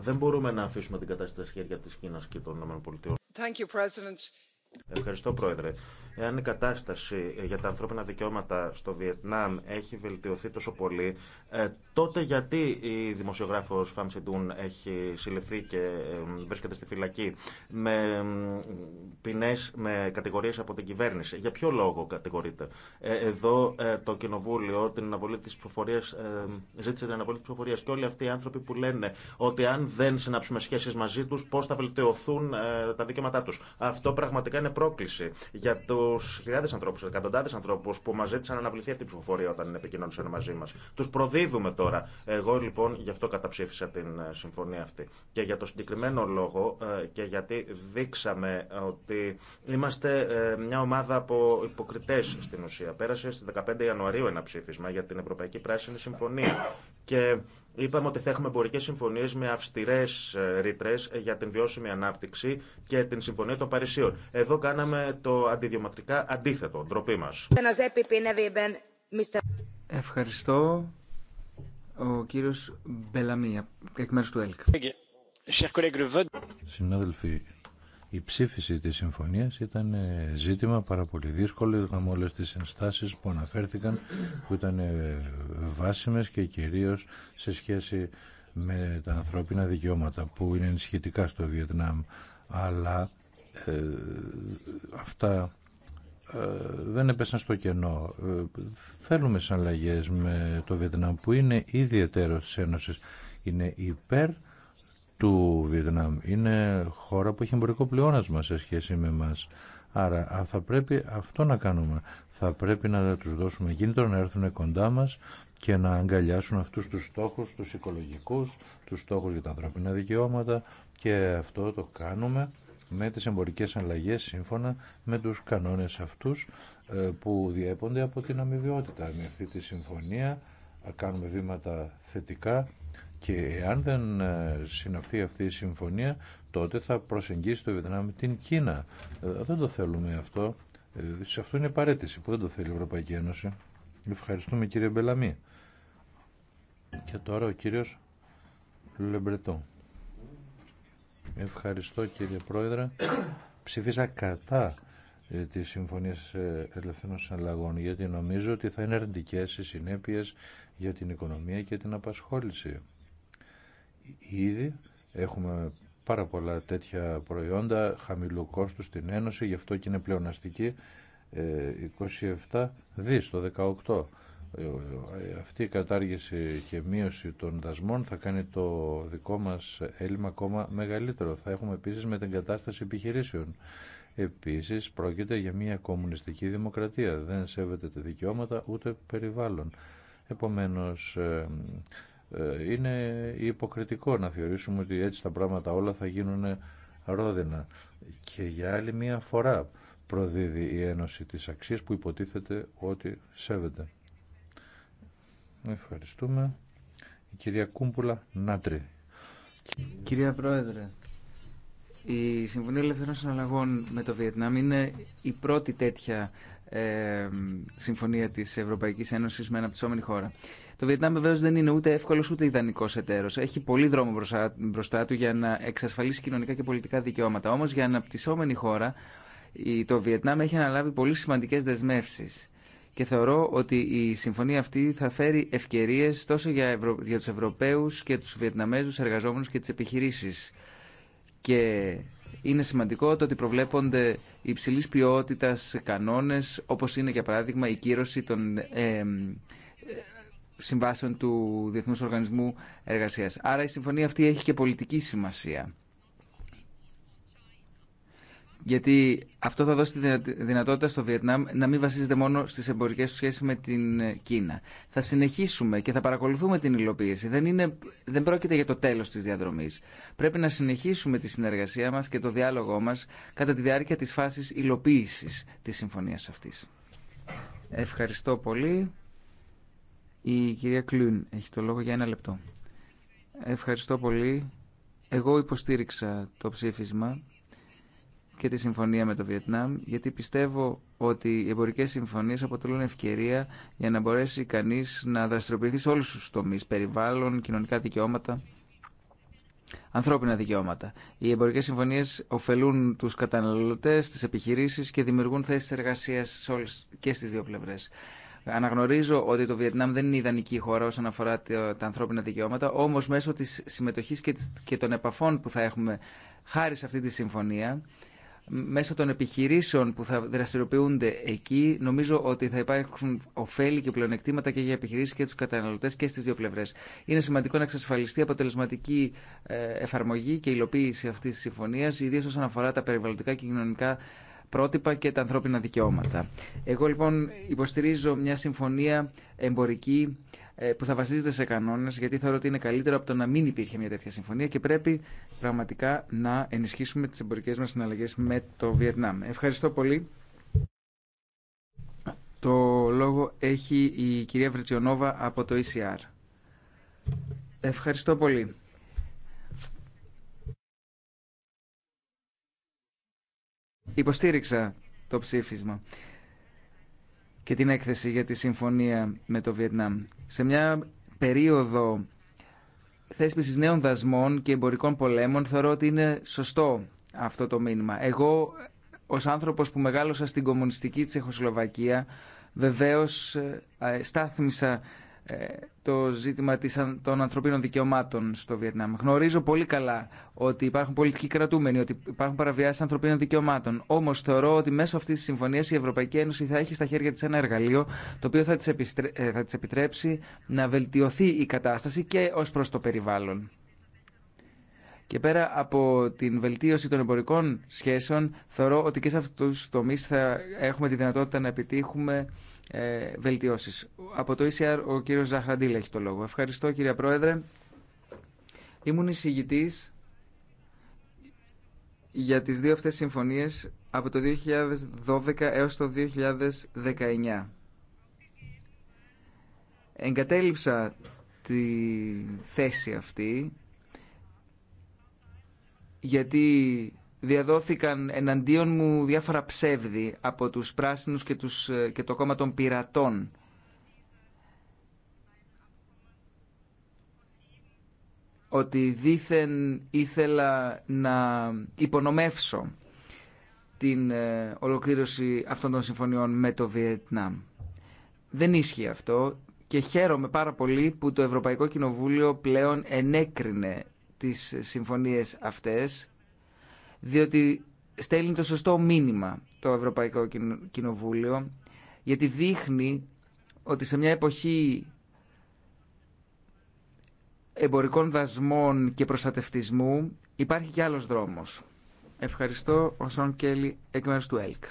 Δεν μπορούμε να αφήσουμε την κατάσταση στα χέρια τη Κίνα και των ΗΠΑ. Ευχαριστώ, Πρόεδρε. Εάν η κατάσταση για τα ανθρώπινα δικαιώματα στο Βιετνάμ έχει βελτιωθεί τόσο πολύ, ε, τότε γιατί η δημοσιογράφος Φαμ Σιντούν έχει συλληφθεί και βρίσκεται στη φυλακή με ποινές, με κατηγορίες από την κυβέρνηση. Για ποιο λόγο κατηγορείται. Ε, εδώ ε, το Κοινοβούλιο την αναβολή της ψηφοφορίας, ζήτησε την αναβολή της ψηφοφορίας και όλοι αυτοί οι άνθρωποι που λένε ότι αν δεν συνάψουμε σχέσεις μαζί τους πώς θα βελτιωθούν τα δικαιώματά τους. Αυτό πραγματικά είναι πρόκληση για το χιλιάδε ανθρώπου, εκατοντάδε ανθρώπου που μα ζήτησαν να αναβληθεί αυτή η ψηφοφορία όταν επικοινωνήσαν μαζί μα. Του προδίδουμε τώρα. Εγώ λοιπόν γι' αυτό καταψήφισα την ε, συμφωνία αυτή. Και για το συγκεκριμένο λόγο ε, και γιατί δείξαμε ότι είμαστε ε, μια ομάδα από υποκριτέ στην ουσία. Πέρασε στι 15 Ιανουαρίου ένα ψήφισμα για την Ευρωπαϊκή Πράσινη Συμφωνία. Και Είπαμε ότι θα έχουμε εμπορικέ συμφωνίε με αυστηρέ ε, ρήτρε για την βιώσιμη ανάπτυξη και την Συμφωνία των Παρισίων. Εδώ κάναμε το αντιδιωματικά αντίθετο. Ντροπή μα. Ευχαριστώ. Ο κύριος Μπελαμία, εκ μέρου του ΕΛΚ. Συνάδελφοι, η ψήφιση της συμφωνίας ήταν ε, ζήτημα πάρα πολύ δύσκολο. με όλες τις ενστάσεις που αναφέρθηκαν που ήταν ε, βάσιμες και κυρίως σε σχέση με τα ανθρώπινα δικαιώματα που είναι ενισχυτικά στο Βιετνάμ. Αλλά ε, αυτά δεν έπεσαν στο κενό. Θέλουμε σαν αλλαγές με το Βιετνάμ που είναι ήδη εταίρος της Ένωσης. Είναι υπέρ του Βιετνάμ. Είναι χώρα που έχει εμπορικό πλεόνασμα σε σχέση με μας. Άρα θα πρέπει αυτό να κάνουμε. Θα πρέπει να τους δώσουμε κίνητρο να έρθουν κοντά μας και να αγκαλιάσουν αυτούς τους στόχους, τους οικολογικούς, τους στόχους για τα ανθρώπινα δικαιώματα και αυτό το κάνουμε με τις εμπορικές αλλαγέ σύμφωνα με τους κανόνες αυτούς ε, που διέπονται από την αμοιβαιότητα. Με αυτή τη συμφωνία ε, κάνουμε βήματα θετικά και αν δεν ε, συναυθεί αυτή η συμφωνία, τότε θα προσεγγίσει το Βιετνάμ την Κίνα. Ε, δεν το θέλουμε αυτό. Ε, σε αυτό είναι παρέτηση που δεν το θέλει η Ευρωπαϊκή Ένωση. Ευχαριστούμε κύριε Μπελαμή. Και τώρα ο κύριος Λεμπρετό. Ευχαριστώ κύριε Πρόεδρε. (coughs) Ψηφίσα κατά τη Συμφωνία Ελευθερών Συναλλαγών γιατί νομίζω ότι θα είναι αρνητικέ οι συνέπειες για την οικονομία και την απασχόληση ήδη έχουμε πάρα πολλά τέτοια προϊόντα χαμηλού κόστου στην Ένωση, γι' αυτό και είναι πλεοναστική 27 ε, δις το 18. Ε, αυτή η κατάργηση και μείωση των δασμών θα κάνει το δικό μας έλλειμμα ακόμα μεγαλύτερο. Θα έχουμε επίσης με την κατάσταση επιχειρήσεων. Επίσης πρόκειται για μια κομμουνιστική δημοκρατία. Δεν σέβεται τα δικαιώματα ούτε περιβάλλον. Επομένως ε, ε, είναι υποκριτικό να θεωρήσουμε ότι έτσι τα πράγματα όλα θα γίνουν ρόδινα. Και για άλλη μία φορά προδίδει η Ένωση της αξίας που υποτίθεται ότι σέβεται. Ευχαριστούμε. Η κυρία Κούμπουλα Νάτρη. Κυρία Πρόεδρε, η Συμφωνία Ελευθερών Συναλλαγών με το Βιετνάμ είναι η πρώτη τέτοια ε, συμφωνία τη Ευρωπαϊκή Ένωση με αναπτυσσόμενη χώρα. Το Βιετνάμ βεβαίω δεν είναι ούτε εύκολο ούτε ιδανικό εταίρο. Έχει πολύ δρόμο μπροστά του για να εξασφαλίσει κοινωνικά και πολιτικά δικαιώματα. Όμω για αναπτυσσόμενη χώρα το Βιετνάμ έχει αναλάβει πολύ σημαντικέ δεσμεύσει. Και θεωρώ ότι η συμφωνία αυτή θα φέρει ευκαιρίε τόσο για, Ευρω... για του Ευρωπαίου και του Βιετναμέζου εργαζόμενου και τι επιχειρήσει. Και είναι σημαντικό το ότι προβλέπονται υψηλής ποιότητας κανόνες, όπως είναι για παράδειγμα η κύρωση των συμβάσεων του Διεθνούς Οργανισμού Εργασίας. Άρα η συμφωνία αυτή έχει και πολιτική σημασία γιατί αυτό θα δώσει τη δυνατότητα στο Βιετνάμ να μην βασίζεται μόνο στις εμπορικές του σχέσεις με την ε, Κίνα. Θα συνεχίσουμε και θα παρακολουθούμε την υλοποίηση. Δεν, είναι, δεν πρόκειται για το τέλος της διαδρομής. Πρέπει να συνεχίσουμε τη συνεργασία μας και το διάλογό μας κατά τη διάρκεια της φάσης υλοποίηση τη συμφωνία αυτή. Ευχαριστώ πολύ. Η κυρία Κλούν έχει το λόγο για ένα λεπτό. Ευχαριστώ πολύ. Εγώ υποστήριξα το ψήφισμα και τη συμφωνία με το Βιετνάμ, γιατί πιστεύω ότι οι εμπορικέ συμφωνίε αποτελούν ευκαιρία για να μπορέσει κανεί να δραστηριοποιηθεί σε όλου του τομεί, περιβάλλον, κοινωνικά δικαιώματα, ανθρώπινα δικαιώματα. Οι εμπορικέ συμφωνίε ωφελούν του καταναλωτέ, τι επιχειρήσει και δημιουργούν θέσει εργασία και στι δύο πλευρέ. Αναγνωρίζω ότι το Βιετνάμ δεν είναι ιδανική χώρα όσον αφορά τα ανθρώπινα δικαιώματα, όμω μέσω τη συμμετοχή και των επαφών που θα έχουμε χάρη σε αυτή τη συμφωνία μέσω των επιχειρήσεων που θα δραστηριοποιούνται εκεί, νομίζω ότι θα υπάρχουν ωφέλη και πλεονεκτήματα και για επιχειρήσει και του καταναλωτέ και στι δύο πλευρέ. Είναι σημαντικό να εξασφαλιστεί αποτελεσματική ε, εφαρμογή και υλοποίηση αυτή τη συμφωνία, ιδίω όσον αφορά τα περιβαλλοντικά και κοινωνικά πρότυπα και τα ανθρώπινα δικαιώματα. Εγώ λοιπόν υποστηρίζω μια συμφωνία εμπορική ε, που θα βασίζεται σε κανόνες, γιατί θεωρώ ότι είναι καλύτερο από το να μην υπήρχε μια τέτοια συμφωνία και πρέπει πραγματικά να ενισχύσουμε τις εμπορικές μας συναλλαγές με το Βιετνάμ. Ευχαριστώ πολύ. Το λόγο έχει η κυρία Βρετσιονόβα από το ECR. Ευχαριστώ πολύ. Υποστήριξα το ψήφισμα και την έκθεση για τη συμφωνία με το Βιετνάμ. Σε μια περίοδο θέσπισης νέων δασμών και εμπορικών πολέμων θεωρώ ότι είναι σωστό αυτό το μήνυμα. Εγώ ως άνθρωπος που μεγάλωσα στην κομμουνιστική Τσεχοσλοβακία βεβαίως ε, στάθμισα ε, το ζήτημα των ανθρωπίνων δικαιωμάτων στο Βιετνάμ. Γνωρίζω πολύ καλά ότι υπάρχουν πολιτικοί κρατούμενοι, ότι υπάρχουν παραβιάσεις ανθρωπίνων δικαιωμάτων. Όμως θεωρώ ότι μέσω αυτής της συμφωνίας η Ευρωπαϊκή Ένωση θα έχει στα χέρια της ένα εργαλείο το οποίο θα της ε, επιτρέψει να βελτιωθεί η κατάσταση και ως προς το περιβάλλον. Και πέρα από την βελτίωση των εμπορικών σχέσεων, θεωρώ ότι και σε αυτού του τομεί θα έχουμε τη δυνατότητα να επιτύχουμε ε, βελτιώσεις. Από το ECR ο κύριος Ζαχραντήλ έχει το λόγο. Ευχαριστώ κύριε Πρόεδρε. Ήμουν εισηγητή για τις δύο αυτές συμφωνίες από το 2012 έως το 2019. Εγκατέλειψα τη θέση αυτή γιατί διαδόθηκαν εναντίον μου διάφορα ψεύδη από τους πράσινους και, τους, ε, και το κόμμα των πειρατών. Ότι δήθεν ήθελα να υπονομεύσω την ε, ολοκλήρωση αυτών των συμφωνιών με το Βιετνάμ. Δεν ίσχυε αυτό και χαίρομαι πάρα πολύ που το Ευρωπαϊκό Κοινοβούλιο πλέον ενέκρινε τις συμφωνίες αυτές, διότι στέλνει το σωστό μήνυμα το Ευρωπαϊκό Κοινοβούλιο, γιατί δείχνει ότι σε μια εποχή εμπορικών δασμών και προστατευτισμού υπάρχει κι άλλος δρόμος. Ευχαριστώ ο Σον Κέλλη εκ μέρους του ΕΛΚ.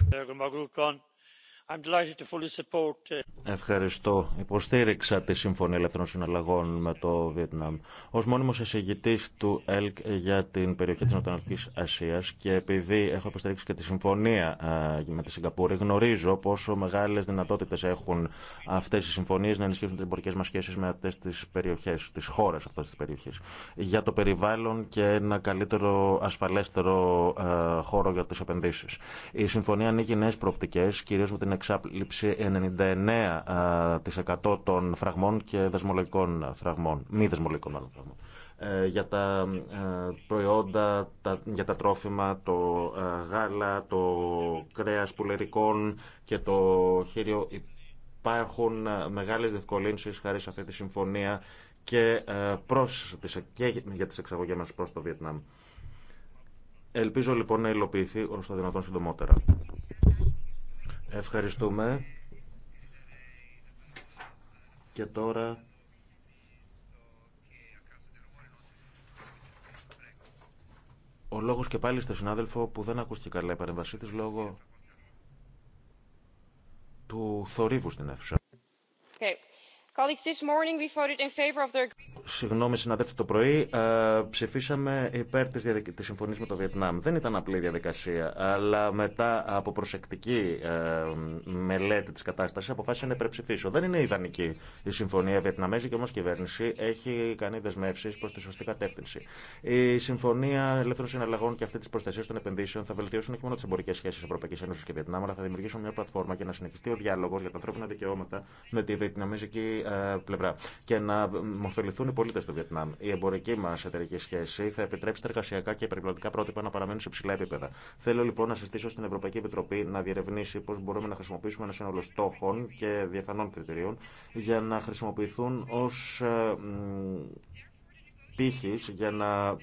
Uh, Ευχαριστώ. Υποστήριξα τη Συμφωνία Ελεύθερων Συναλλαγών με το Βιετνάμ. Ω μόνιμο εισηγητή του ΕΛΚ για την περιοχή τη Νοτιοανατολική Ασία και επειδή έχω υποστηρίξει και τη Συμφωνία ε, με τη Σιγκαπούρη, γνωρίζω πόσο μεγάλε δυνατότητε έχουν αυτέ οι συμφωνίε να ενισχύσουν τι εμπορικέ μα σχέσει με αυτέ τι περιοχέ, τι χώρε αυτέ τη περιοχή. Για το περιβάλλον και ένα καλύτερο, ασφαλέστερο ε, χώρο για τι επενδύσει. Η Συμφωνία ανοίγει νέε προοπτικέ, κυρίω με την εξάπληψη 99% ε, των φραγμών και δεσμολογικών φραγμών, μη δεσμολογικών μάλλον φραγμών. Ε, για τα ε, προϊόντα, για τα τρόφιμα, το γάλα, το κρέας πουλερικών και το χείριο υπάρχουν μεγάλες διευκολύνσεις χάρη σε αυτή τη συμφωνία και, προς, και για τις εξαγωγές μας προς το Βιετνάμ. Ελπίζω λοιπόν να υλοποιηθεί όσο το δυνατόν συντομότερα. Ευχαριστούμε. Και τώρα... Ο λόγος και πάλι στο συνάδελφο που δεν ακούστηκε καλά η παρέμβασή της λόγω του θορύβου στην αίθουσα. Okay. Συγγνώμη, συναδέλφοι, το πρωί ε, ψηφίσαμε υπέρ τη διαδικ... της συμφωνία με το Βιετνάμ. Δεν ήταν απλή διαδικασία, αλλά μετά από προσεκτική ε, μελέτη τη κατάσταση αποφάσισα να υπερψηφίσω. Δεν είναι ιδανική η συμφωνία. Η Βιετναμέζικη όμω κυβέρνηση έχει κάνει δεσμεύσει προ τη σωστή κατεύθυνση. Η συμφωνία ελεύθερων συναλλαγών και αυτή τη προστασία των επενδύσεων θα βελτιώσουν όχι μόνο τι εμπορικέ σχέσει Ευρωπαϊκή Ένωση και Βιετνάμ, αλλά θα δημιουργήσουν μια πλατφόρμα για να συνεχιστεί ο διάλογο για τα ανθρώπινα δικαιώματα με τη Βιετναμέζικη ε, ε, πλευρά και να μοφεληθούν οι πολίτε του Βιετνάμ. Η εμπορική μα εταιρική σχέση θα επιτρέψει τα εργασιακά και περιβαλλοντικά πρότυπα να παραμένουν σε ψηλά επίπεδα. Θέλω λοιπόν να συστήσω στην Ευρωπαϊκή Επιτροπή να διερευνήσει πώ μπορούμε να χρησιμοποιήσουμε ένα σύνολο στόχων και διαφανών κριτηρίων για να χρησιμοποιηθούν ω ε, πύχη για να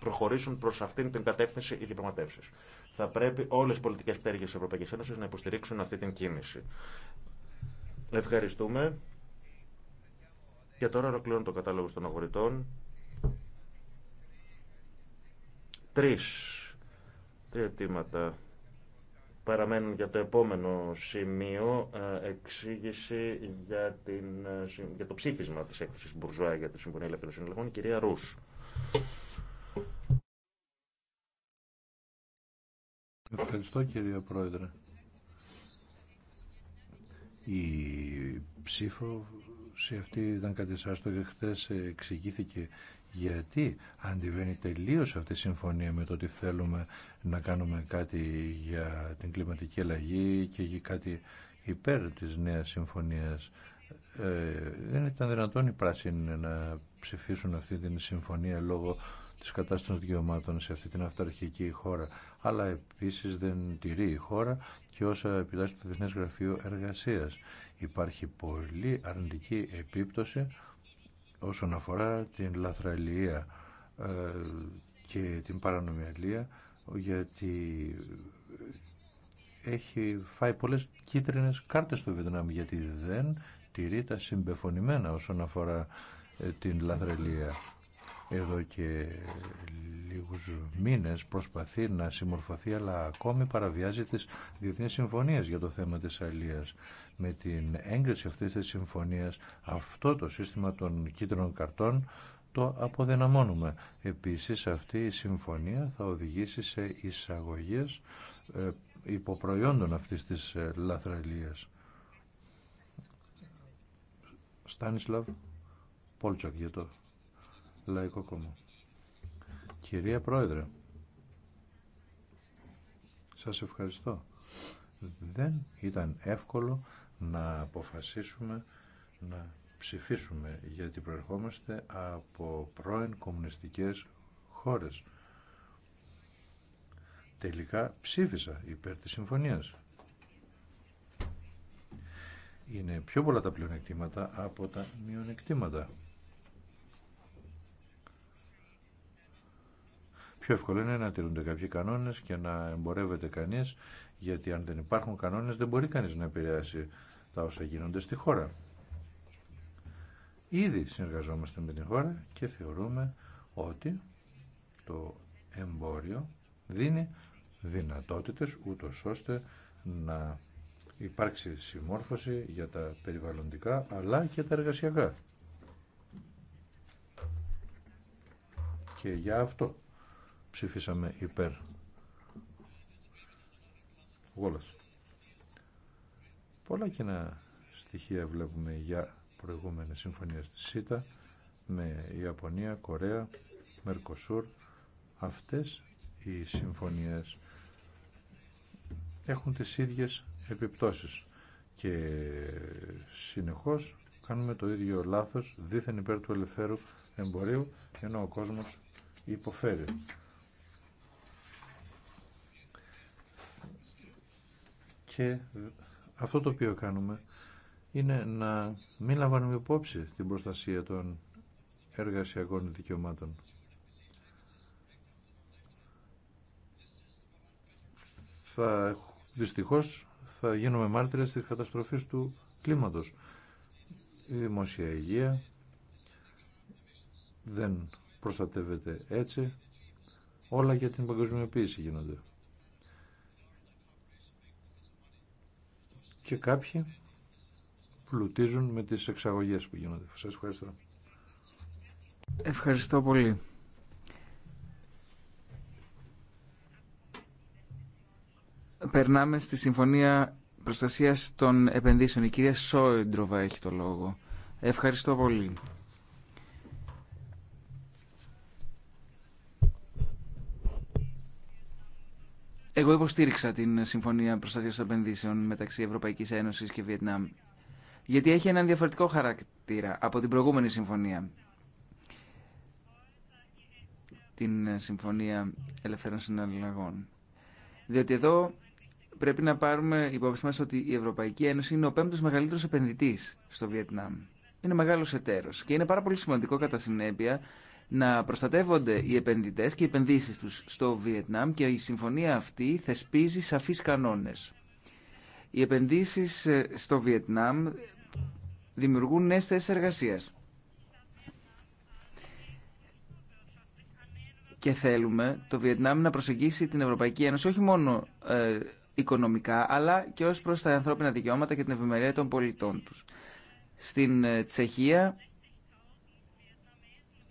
προχωρήσουν προ αυτήν την κατεύθυνση οι διαπραγματεύσει. Θα πρέπει όλε οι πολιτικέ πτέρυγε τη Ευρωπαϊκή Ένωση να υποστηρίξουν αυτή την κίνηση. Ευχαριστούμε. Και τώρα ολοκληρώνω το κατάλογο των αγορητών. Τρει Τρία αιτήματα παραμένουν για το επόμενο σημείο ε, εξήγηση για, ε, για το ψήφισμα της έκθεσης Μπουρζουά για τη Συμφωνία Ελεύθερων Συνολογών, κυρία Ρούς. Ευχαριστώ κύριε Πρόεδρε. Η ψήφο σε αυτή ήταν το και χθε εξηγήθηκε γιατί αντιβαίνει τελείω αυτή η συμφωνία με το ότι θέλουμε να κάνουμε κάτι για την κλιματική αλλαγή και για κάτι υπέρ της νέας συμφωνίας. Ε, δεν ήταν δυνατόν οι πράσινοι να ψηφίσουν αυτή την συμφωνία λόγω της κατάστασης δικαιωμάτων σε αυτή την αυταρχική χώρα. Αλλά επίσης δεν τηρεί η χώρα και όσα επιτάσσει το Διεθνές Γραφείο Εργασίας. Υπάρχει πολύ αρνητική επίπτωση όσον αφορά την λαθραλία ε, και την παρανομιαλία γιατί έχει φάει πολλές κίτρινες κάρτες στο Βιετνάμ γιατί δεν τηρεί τα συμπεφωνημένα όσον αφορά ε, την λαθραλία εδώ και λίγους μήνες προσπαθεί να συμμορφωθεί αλλά ακόμη παραβιάζει τις διεθνείς συμφωνίες για το θέμα της αλίας. Με την έγκριση αυτής της συμφωνίας αυτό το σύστημα των κίτρινων καρτών το αποδυναμώνουμε. Επίσης αυτή η συμφωνία θα οδηγήσει σε εισαγωγές ε, υποπροϊόντων αυτής της ε, λαθραλίας. Στάνισλαβ Πόλτσοκ για το Λαϊκό Κυρία Πρόεδρε, σας ευχαριστώ. Δεν ήταν εύκολο να αποφασίσουμε να ψηφίσουμε γιατί προερχόμαστε από πρώην κομμουνιστικές χώρες. Τελικά ψήφισα υπέρ της συμφωνίας. Είναι πιο πολλά τα πλεονεκτήματα από τα μειονεκτήματα. πιο εύκολο είναι να τηρούνται κάποιοι κανόνες και να εμπορεύεται κανείς, γιατί αν δεν υπάρχουν κανόνες δεν μπορεί κανείς να επηρεάσει τα όσα γίνονται στη χώρα. Ήδη συνεργαζόμαστε με την χώρα και θεωρούμε ότι το εμπόριο δίνει δυνατότητες ούτω ώστε να υπάρξει συμμόρφωση για τα περιβαλλοντικά αλλά και τα εργασιακά. Και για αυτό ψηφίσαμε υπέρ. γόλας. Πολλά κοινά στοιχεία βλέπουμε για προηγούμενες συμφωνίες της ΣΥΤΑ με Ιαπωνία, Κορέα, Μερκοσούρ. Αυτές οι συμφωνίες έχουν τις ίδιες επιπτώσεις και συνεχώς κάνουμε το ίδιο λάθος δίθεν υπέρ του ελευθέρου εμπορίου ενώ ο κόσμος υποφέρει. Και αυτό το οποίο κάνουμε είναι να μην λαμβάνουμε υπόψη την προστασία των εργασιακών δικαιωμάτων. Θα, δυστυχώς θα γίνουμε μάρτυρες της καταστροφής του κλίματος. Η δημόσια υγεία δεν προστατεύεται έτσι. Όλα για την παγκοσμιοποίηση γίνονται. και κάποιοι πλουτίζουν με τις εξαγωγές που γίνονται. Σας ευχαριστώ. Ευχαριστώ πολύ. Περνάμε στη Συμφωνία Προστασίας των Επενδύσεων. Η κυρία Σόιντροβα έχει το λόγο. Ευχαριστώ πολύ. Εγώ υποστήριξα την Συμφωνία προστασία των Επενδύσεων μεταξύ Ευρωπαϊκή Ένωση και Βιετνάμ. Γιατί έχει έναν διαφορετικό χαρακτήρα από την προηγούμενη συμφωνία. Την Συμφωνία Ελευθέρων Συναλλαγών. Διότι εδώ πρέπει να πάρουμε υπόψη μα ότι η Ευρωπαϊκή Ένωση είναι ο πέμπτο μεγαλύτερο επενδυτή στο Βιετνάμ. Είναι μεγάλο εταίρο και είναι πάρα πολύ σημαντικό κατά συνέπεια να προστατεύονται οι επενδυτέ και οι επενδύσεις τους στο Βιετνάμ και η συμφωνία αυτή θεσπίζει σαφείς κανόνες. Οι επενδύσεις ε, στο Βιετνάμ δημιουργούν νέε θέσει εργασία. Και θέλουμε το Βιετνάμ να προσεγγίσει την Ευρωπαϊκή Ένωση όχι μόνο ε, οικονομικά, αλλά και ως προς τα ανθρώπινα δικαιώματα και την ευημερία των πολιτών τους. Στην ε, Τσεχία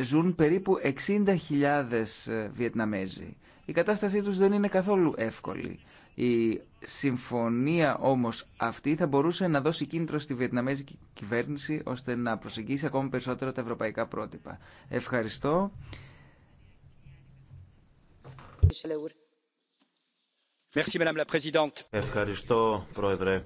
ζουν περίπου 60.000 ε, Βιετναμέζοι. Η κατάστασή τους δεν είναι καθόλου εύκολη. Η συμφωνία όμως αυτή θα μπορούσε να δώσει κίνητρο στη Βιετναμέζικη κυβέρνηση ώστε να προσεγγίσει ακόμη περισσότερο τα ευρωπαϊκά πρότυπα. Ευχαριστώ. Ευχαριστώ, Πρόεδρε.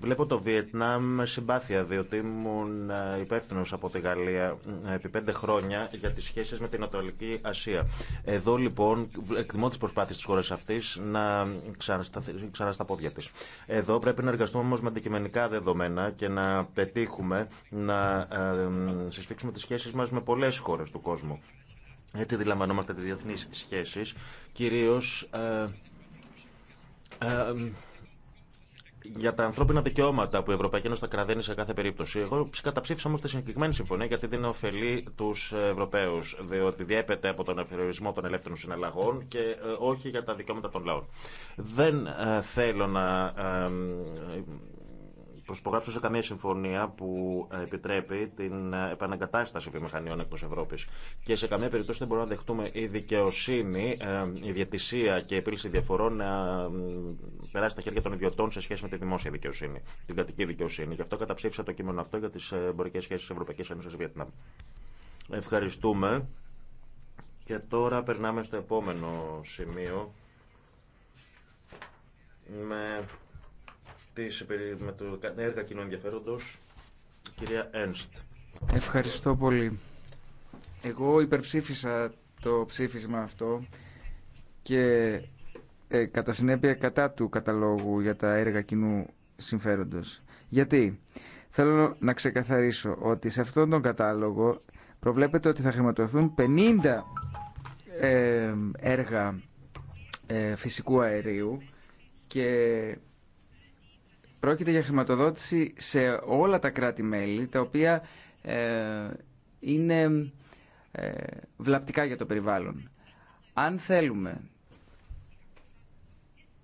Βλέπω το Βιετνάμ με συμπάθεια, διότι ήμουν ε, υπεύθυνο από τη Γαλλία ε, επί πέντε χρόνια για τι σχέσει με την Ανατολική Ασία. Εδώ λοιπόν εκτιμώ τι προσπάθειε τη χώρα αυτή να ξανασταθεί ξανά στα πόδια τη. Εδώ πρέπει να εργαστούμε όμω με αντικειμενικά δεδομένα και να πετύχουμε να ε, συσφίξουμε τι σχέσει μα με πολλέ χώρε του κόσμου. Έτσι αντιλαμβανόμαστε τι διεθνεί σχέσει, κυρίω για τα ανθρώπινα δικαιώματα που η Ευρωπαϊκή Ένωση θα κραδένει σε κάθε περίπτωση. Εγώ καταψήφισα όμω τη συγκεκριμένη συμφωνία γιατί δεν ωφελεί του Ευρωπαίου, διότι διέπεται από τον αφιερωισμό των ελεύθερων συναλλαγών και ε, όχι για τα δικαιώματα των λαών. Δεν ε, θέλω να ε, Προσπογράψω σε καμία συμφωνία που ε, επιτρέπει την ε, επαναγκατάσταση βιομηχανιών εκτό Ευρώπη. Και σε καμία περίπτωση δεν μπορούμε να δεχτούμε η δικαιοσύνη, ε, η διατησία και η επίλυση διαφορών να περάσει στα χέρια των ιδιωτών σε σχέση με τη δημόσια δικαιοσύνη, την κρατική δικαιοσύνη. Γι' αυτό καταψήφισα το κείμενο αυτό για τι εμπορικέ σχέσει Ευρωπαϊκή Ένωση Βιετνάμ. Ευχαριστούμε. Και τώρα περνάμε στο επόμενο σημείο. Με της, με το έργα κοινού ενδιαφέροντος, κυρία Ένστ. Ευχαριστώ πολύ. Εγώ υπερψήφισα το ψήφισμα αυτό και ε, κατά συνέπεια κατά του καταλόγου για τα έργα κοινού συμφέροντος. Γιατί θέλω να ξεκαθαρίσω ότι σε αυτόν τον κατάλογο προβλέπεται ότι θα χρηματοδοθούν 50 ε, έργα ε, φυσικού αερίου και Πρόκειται για χρηματοδότηση σε όλα τα κράτη-μέλη, τα οποία ε, είναι ε, βλαπτικά για το περιβάλλον. Αν θέλουμε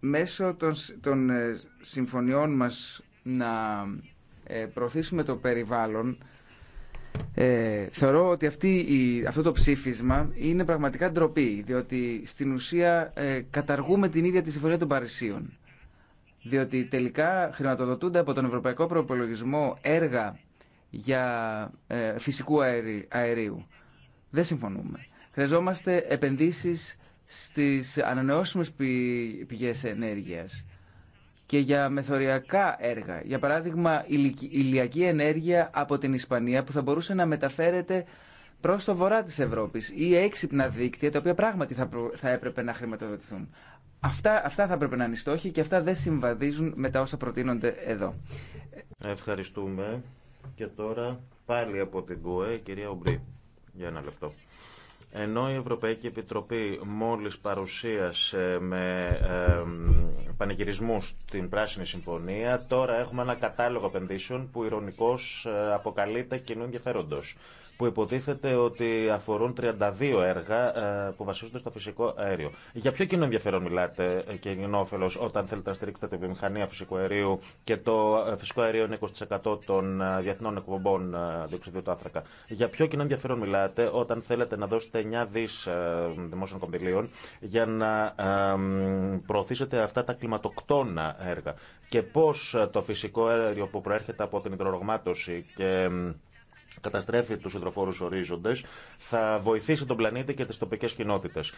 μέσω των, ε, συμφωνιών μας να προωθήσουμε το περιβάλλον, ε, θεωρώ ότι αυτή η, αυτό το ψήφισμα είναι πραγματικά ντροπή, διότι στην ουσία καταργούμε την ίδια τη Συμφωνία των Παρισίων διότι τελικά χρηματοδοτούνται από τον Ευρωπαϊκό Προπολογισμό έργα για ε, φυσικού αερίου. Δεν συμφωνούμε. Χρειαζόμαστε επενδύσεις στις ανανεώσιμες πηγές ενέργειας και για μεθοριακά έργα. Για παράδειγμα, ηλιακή ενέργεια από την Ισπανία που θα μπορούσε να μεταφέρεται προς το βορρά της Ευρώπης ή έξυπνα δίκτυα τα οποία πράγματι θα, θα έπρεπε να χρηματοδοτηθούν. Αυτά, αυτά θα πρέπει να είναι οι στόχοι και αυτά δεν συμβαδίζουν με τα όσα προτείνονται εδώ. Ευχαριστούμε. Και τώρα πάλι από την ΚΟΕ, κυρία Ομπρή, για ένα λεπτό. Ενώ η Ευρωπαϊκή Επιτροπή μόλις παρουσίασε με ε, πανηγυρισμούς την Πράσινη Συμφωνία, τώρα έχουμε ένα κατάλογο επενδύσεων που ηρωνικώς ε, αποκαλείται κοινού ενδιαφέροντος που υποτίθεται ότι αφορούν 32 έργα ε, που βασίζονται στο φυσικό αέριο. Για ποιο κοινό ενδιαφέρον μιλάτε, ε, κοινό όφελο, όταν θέλετε να στηρίξετε τη βιομηχανία φυσικού αερίου και το ε, φυσικό αέριο είναι 20% των διεθνών εκπομπών διοξιδίου του άνθρακα. Για ποιο κοινό ενδιαφέρον μιλάτε, όταν θέλετε να δώσετε 9 δι δημόσιων κομπηλίων για να προωθήσετε αυτά τα κλιματοκτόνα έργα. Και πώ το φυσικό αέριο που προέρχεται από την υδρορογμάτωση και καταστρέφει του υδροφόρου ορίζοντε, θα βοηθήσει τον πλανήτη και τι τοπικέ κοινότητε.